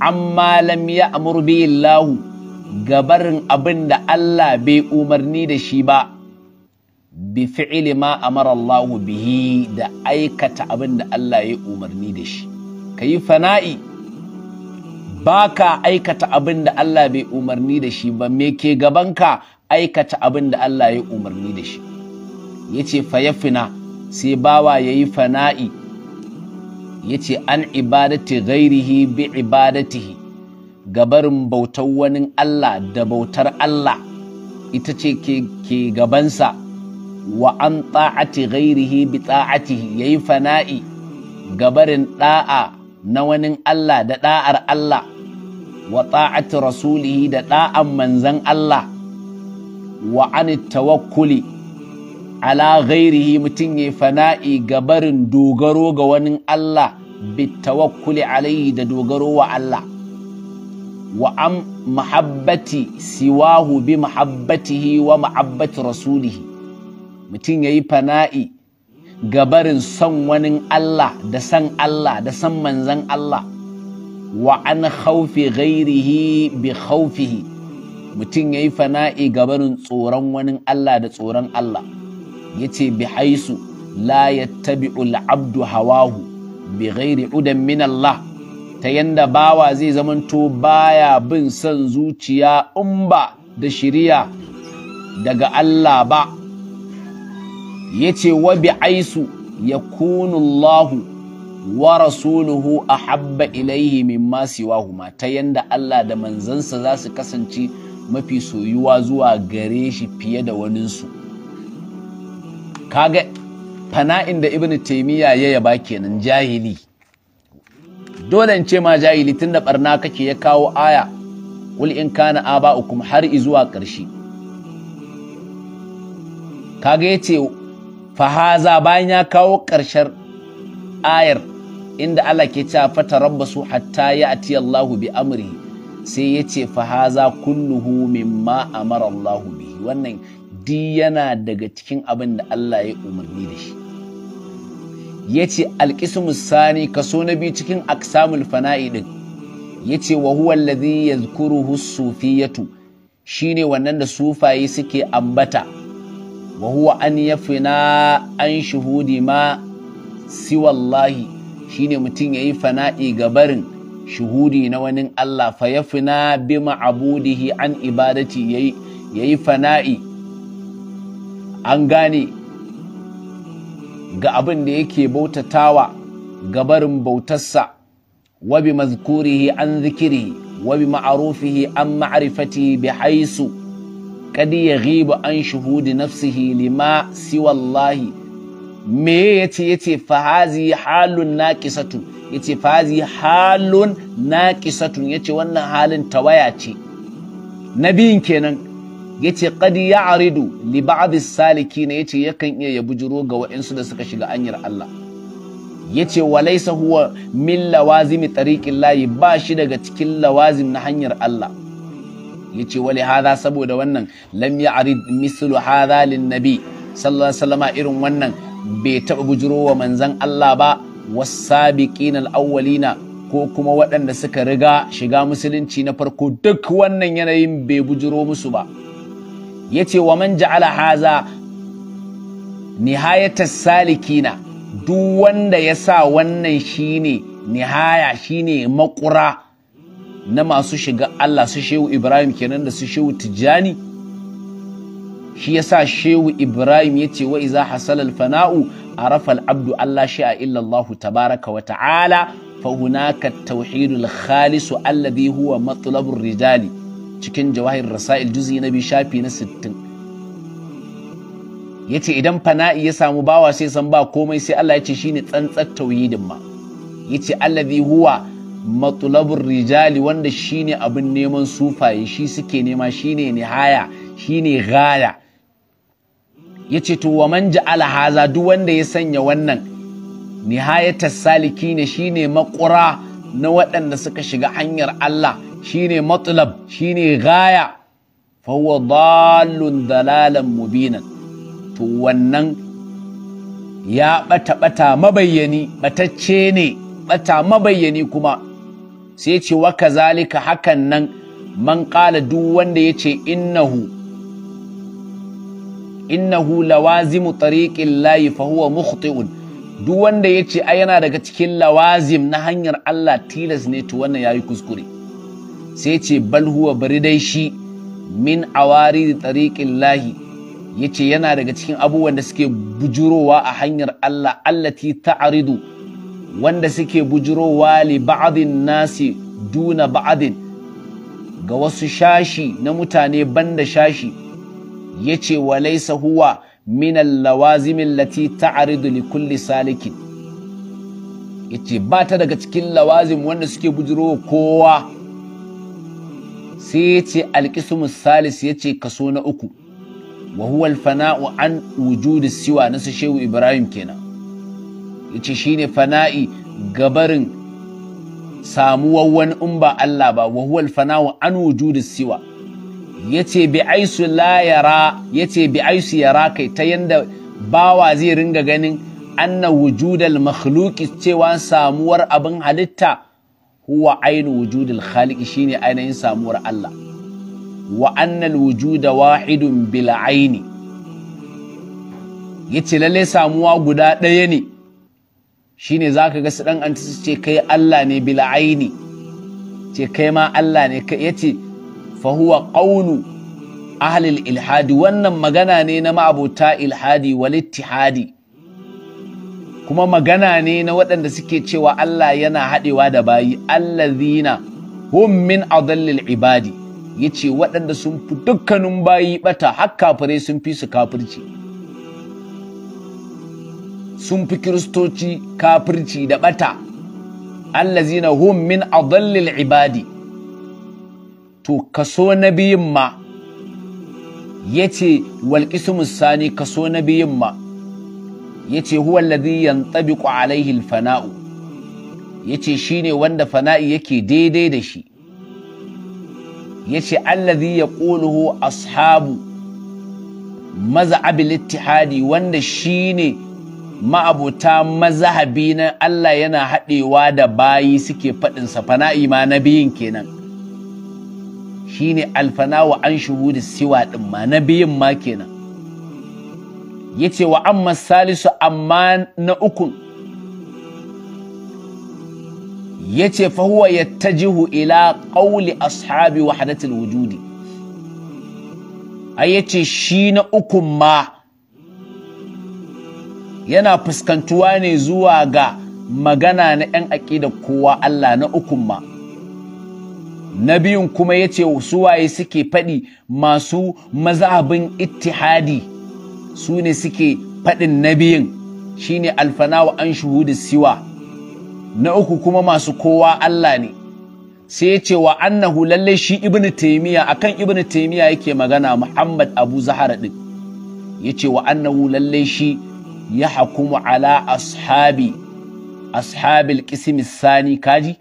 Speaker 1: amma lam ya bihi Allahu gabarin abin da Allah bai umarni da shi ba bi fi'ili ma amara Allah bihi da aikata abin da Allah ya umarni da shi Ka yi fana'i Ba ka aikata abin da Allah bai umarni da shi ba me ke gabanka aikata abin da Allah ya umarni da shi Ya yace fina? sai bawa ya yi fana'i Ya ce an ibadati ghairihi bi ibadatihi gabarin bautar wani Allah da bautar Allah ita ce ke gabansa wa an ta'ati ghairihi bi ta'atihi yayi fana'i gabarin da'a na wani Allah da da'ar Allah wa ta'ati rasulihi da da'an manzan Allah wa an tawakkuli ala ghairihi mutum yayi fana'i gabarin dogaro ga wani Allah bi tawakkuli alaihi da dogaro wa Allah wa an mahabbati siwahu bi mahabbatihi wa mahabbati rasulihi mutum ya yi fana'i gabarin son wani Allah da san Allah da san manzan Allah wa an haufi ghairihi bi haufihi mutum ya yi fana'i gabarin tsoron wani Allah da tsoron Allah ya ce bi haisu la yattabi'u al'abdu hawahu bi ghairi udan min Allah ta yanda bawa zai zamanto baya bin son zuciya in ba da shiriya daga Allah ba ya ce wa bi aisu ya kunullahu wa rasuluhu a habba ilaihi mimma ma ta yanda Allah da manzansa za su kasance mafi soyuwa zuwa gare shi fiye da waninsu kaga fana'in da ibn taimiyya ya yaba kenan jahili dole in ce ma jahili tun da barna kake ya kawo aya wal in kana aba'ukum har zuwa ƙarshe kaga ce fahaza bayan ya kawo ƙarshen ayar inda Allah ke fata rabba su hatta ya ati Allahu bi amri sai ya ce fahaza kulluhu mimma amara Allahu bihi wannan di yana daga cikin abin da Allah ya umarni da shi ya ce alƙismus sani kaso na biyu cikin aksamul fana'i ɗin ya ce wa huwa alladhi yadhkuruhu sufiyatu shine wannan da sufaye suke ambata wa huwa an yafina an shuhudi ma siwallahi shine mutum ya yi fana'i ga barin shuhudi na wani Allah fa ya yafina bi ma'abudihi an ibadati ya yi fana'i an gane ga abin da yake bautatawa gabarin bautarsa wabi mazkurihi an zikiri wabi ma'arufihi an ma'arifati bi haisu kadi ya ghiba an shuhudi nafsihi lima siwallahi me yace yace fahazi halun na ya yace fahazi halun na ya yace wannan halin tawaya ce Na biyun kenan yace qad ya'ridu li ba'd as ne yace yakan iya ya bujuro ga waɗansu da suka shiga anyar Allah yace walaysa huwa min lawazimi tariqil lahi ba shi daga cikin lawazim na hanyar Allah yace wali hadha saboda wannan lam ya'rid mislu hadha lin nabi sallallahu alaihi wasallam irin wannan bai taba bujuro wa manzon Allah ba was-sabiqina al ko kuma waɗanda suka riga shiga musulunci na farko duk wannan yanayin bai bujiro musu ba. yace wa man ja'ala haza nihayatas salikina duk wanda ya sa wannan shine nihaya shine makura na masu shiga Allah su shehu Ibrahim kenan da su shehu Tijjani shi yasa shehu Ibrahim yace wa iza hasalal fana'u arafa al-abdu Allah a illa Allah tabaraka wa ta'ala fa hunaka at-tauhidul khalis alladhi huwa matlabur rijali cikin jawahir rasail juzi na biyu shafi na sittin ya ce idan fana'i ya samu bawa sai san ba komai sai Allah ya ce shine tsantsar tauhidin ma ya ce allazi huwa matulabin rijali wanda shine abin neman sufaye shi suke nema shine nihaya shine gaya ya ce to wa man ja'ala duk wanda ya sanya wannan nihayatar saliki ne shine makura na waɗanda suka shiga hanyar Allah shine matsalab shine gaya fahuwa dalun dalalan mubinan to wannan ya ɓata ɓata mabayyani ɓatacce ne bata mabayyani kuma sai ce wa kazalika hakan nan man ƙala duk wanda ya ce innahu innahu lawazimu tariqin layi fahuwa mukhti'un duk wanda ya ce ai yana daga cikin lawazim na hanyar Allah tilas ne to wannan yayi kuskure sai ce bal huwa bari dai shi min awari da tariqin lahi ce yana daga cikin abubuwan da suke bujurowa a hanyar Allah allati ta'ridu wanda suke bujurowa li ba'adin nasi duna ba'adin. ga wasu shashi na mutane banda shashi yace wa laisa huwa min lawazimin lati allati li kulli salikin yace ba ta daga cikin lawazim wanda suke bujurowa kowa sai ya ce alƙismu salis ya ce kaso na uku wa huwa alfana'u an wujudi siwa na su shehu ibrahim kenan ya ce shi ne fana'i gabarin samuwar wani in ba Allah ba wa huwa alfana'u an wujudi siwa ya ce bi aisu la yara ya ce bi aisu yara kai ta yanda bawa zai ringa ganin anna wujudal makhluki cewa samuwar abin halitta huwa ainu wujudul khaliq shine ainihin samuwar Allah wa annal wujuda wahidun bil aini yace lalle samuwa guda ɗaya ne shine zaka ga su dan anti ce kai Allah ne bil aini ce kai ma Allah ne kai. yace fa huwa qawlu ahli ilhadi wannan magana ne na ma'abuta ilhadi wal ittihadi kuma magana ne na waɗanda suke cewa Allah yana haɗewa da bayi allazina hum min adallil ibadi yace waɗanda sun fi dukkanin bayi bata har kafirai sun fi su kafirci sun fi kiristoci kafirci da bata allazina hum min adallil ibadi to kaso na biyun ma yace walqismus sani kaso na biyun ma yace huwa alladhi yantabiqu alaihi alfana'u yace shine wanda fana'i yake daidai da shi yace alladhi yaquluhu ashabu mazhab al-ittihadi wanda shine ma'abuta mazhabi na Allah yana haɗewa da bayi suke sa fana'i ma na kenan shine alfana'u an shuhudi siwa din ma na ma kenan ya ce wa amma salisu amma na ukun ya ce fahuwa ya jihu ila ƙauli ashabi wahadatul wujudi a ya ce shi na ukun ma yana fuskantuwa ne zuwa ga magana na 'yan aƙida kowa Allah na ukun ma na biyun kuma ya ce suwaye suke faɗi masu mazabin ittihadi su ne suke faɗin na biyun shine alfana wa an da siwa na uku kuma masu kowa Allah ne sai ya ce wa annahu lalle shi ibnu taymiya akan ibnu taymiya yake magana muhammad abu zahara din yace wa annahu lalle shi ya hakumu ala ashabi ashabil qism sani kaji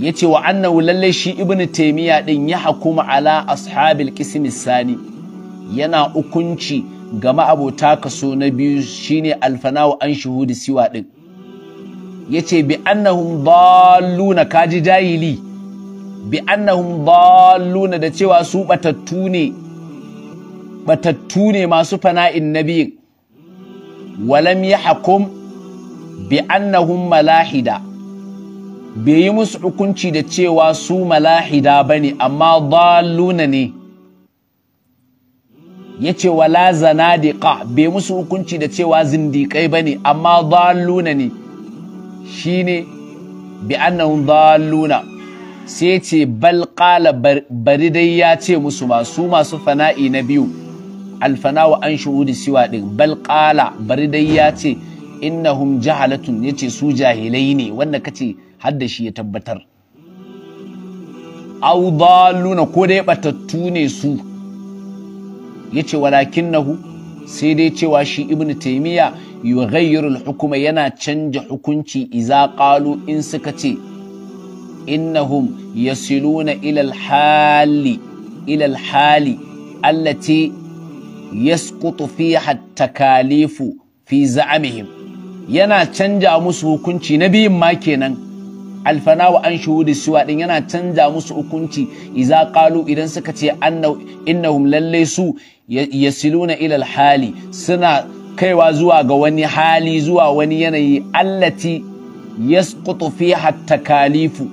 Speaker 1: yace wa annahu lalle shi ibnu taymiya din ya hakumu ala ashabil qism sani yana hukunci ga ka so na biyu shine alfanawo an shuhudi siwa ɗin ya ce bi annahum dalluna kaji jahili bi annahum dalluna da cewa su batattu ne batattu ne masu fana'in nabiyin walam ya hakum bi annahum malahida bai yi musu hukunci da cewa su malahida ba ne amma dalluna ne ya ce wala ƙa bai musu hukunci da cewa zindiƙai ba ne amma luna ne shi ne bi annahum luna sai ce bal bari dai ya ce musu masu masu fana'i na biyu alfana wa an da siwa din bal bari dai ya ce innahum jahalatun yace su jahilai ne wanda kace har da shi ya tabbatar au dalluna ko dai batattu ne su yace walakinnahu sai dai cewa shi ibnu taymiya yughayyiru al-hukuma yana canja hukunci iza qalu in suka ce innahum yasiluna ila al-hali ila al-hali allati yasqutu fiha at-takalifu fi za'amihim yana canja musu hukunci na biyun ma kenan alfana wa an shuhudi suwa din yana canza musu hukunci iza qalu idan suka ce innahum lalle su yasiluna ila alhali suna kaiwa zuwa ga wani hali zuwa wani yanayi allati yasqutu fiha takalifu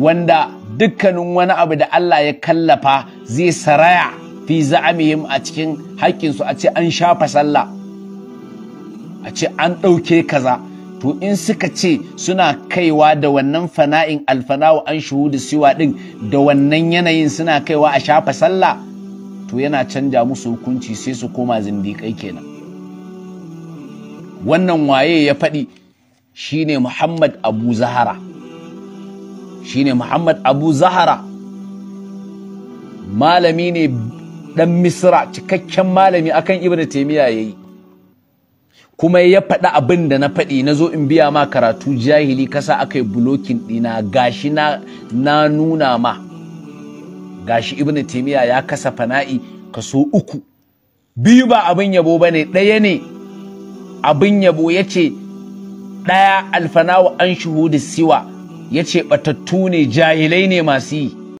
Speaker 1: wanda dukkanin wani abu da Allah ya kallafa zai saraya fi za'amihim a cikin haƙƙinsu a ce an shafa sallah a ce an ɗauke kaza to in suka ce suna kaiwa da wannan fana'in alfana'u an shuhudu siwa ɗin, da wannan yanayin suna kaiwa a shafa sallah to yana canja musu hukunci sai su koma zindikai kenan wannan waye ya faɗi shine Muhammad Abu Zahara shine Muhammad Abu Zahara malami ne ɗan Misra cikakken malami akan Ibn ya yi. kuma ya faɗi abin da na faɗi na zo in biya ma karatu jahili kasa aka yi bulokin ɗina gashi na, nuna ma gashi ibn taimiyya ya kasa fana'i kaso uku biyu ba abin yabo ba ne ɗaya ne abin yabo ya ce ɗaya wa an da siwa ya ce ɓatattu ne jahilai ne masu yi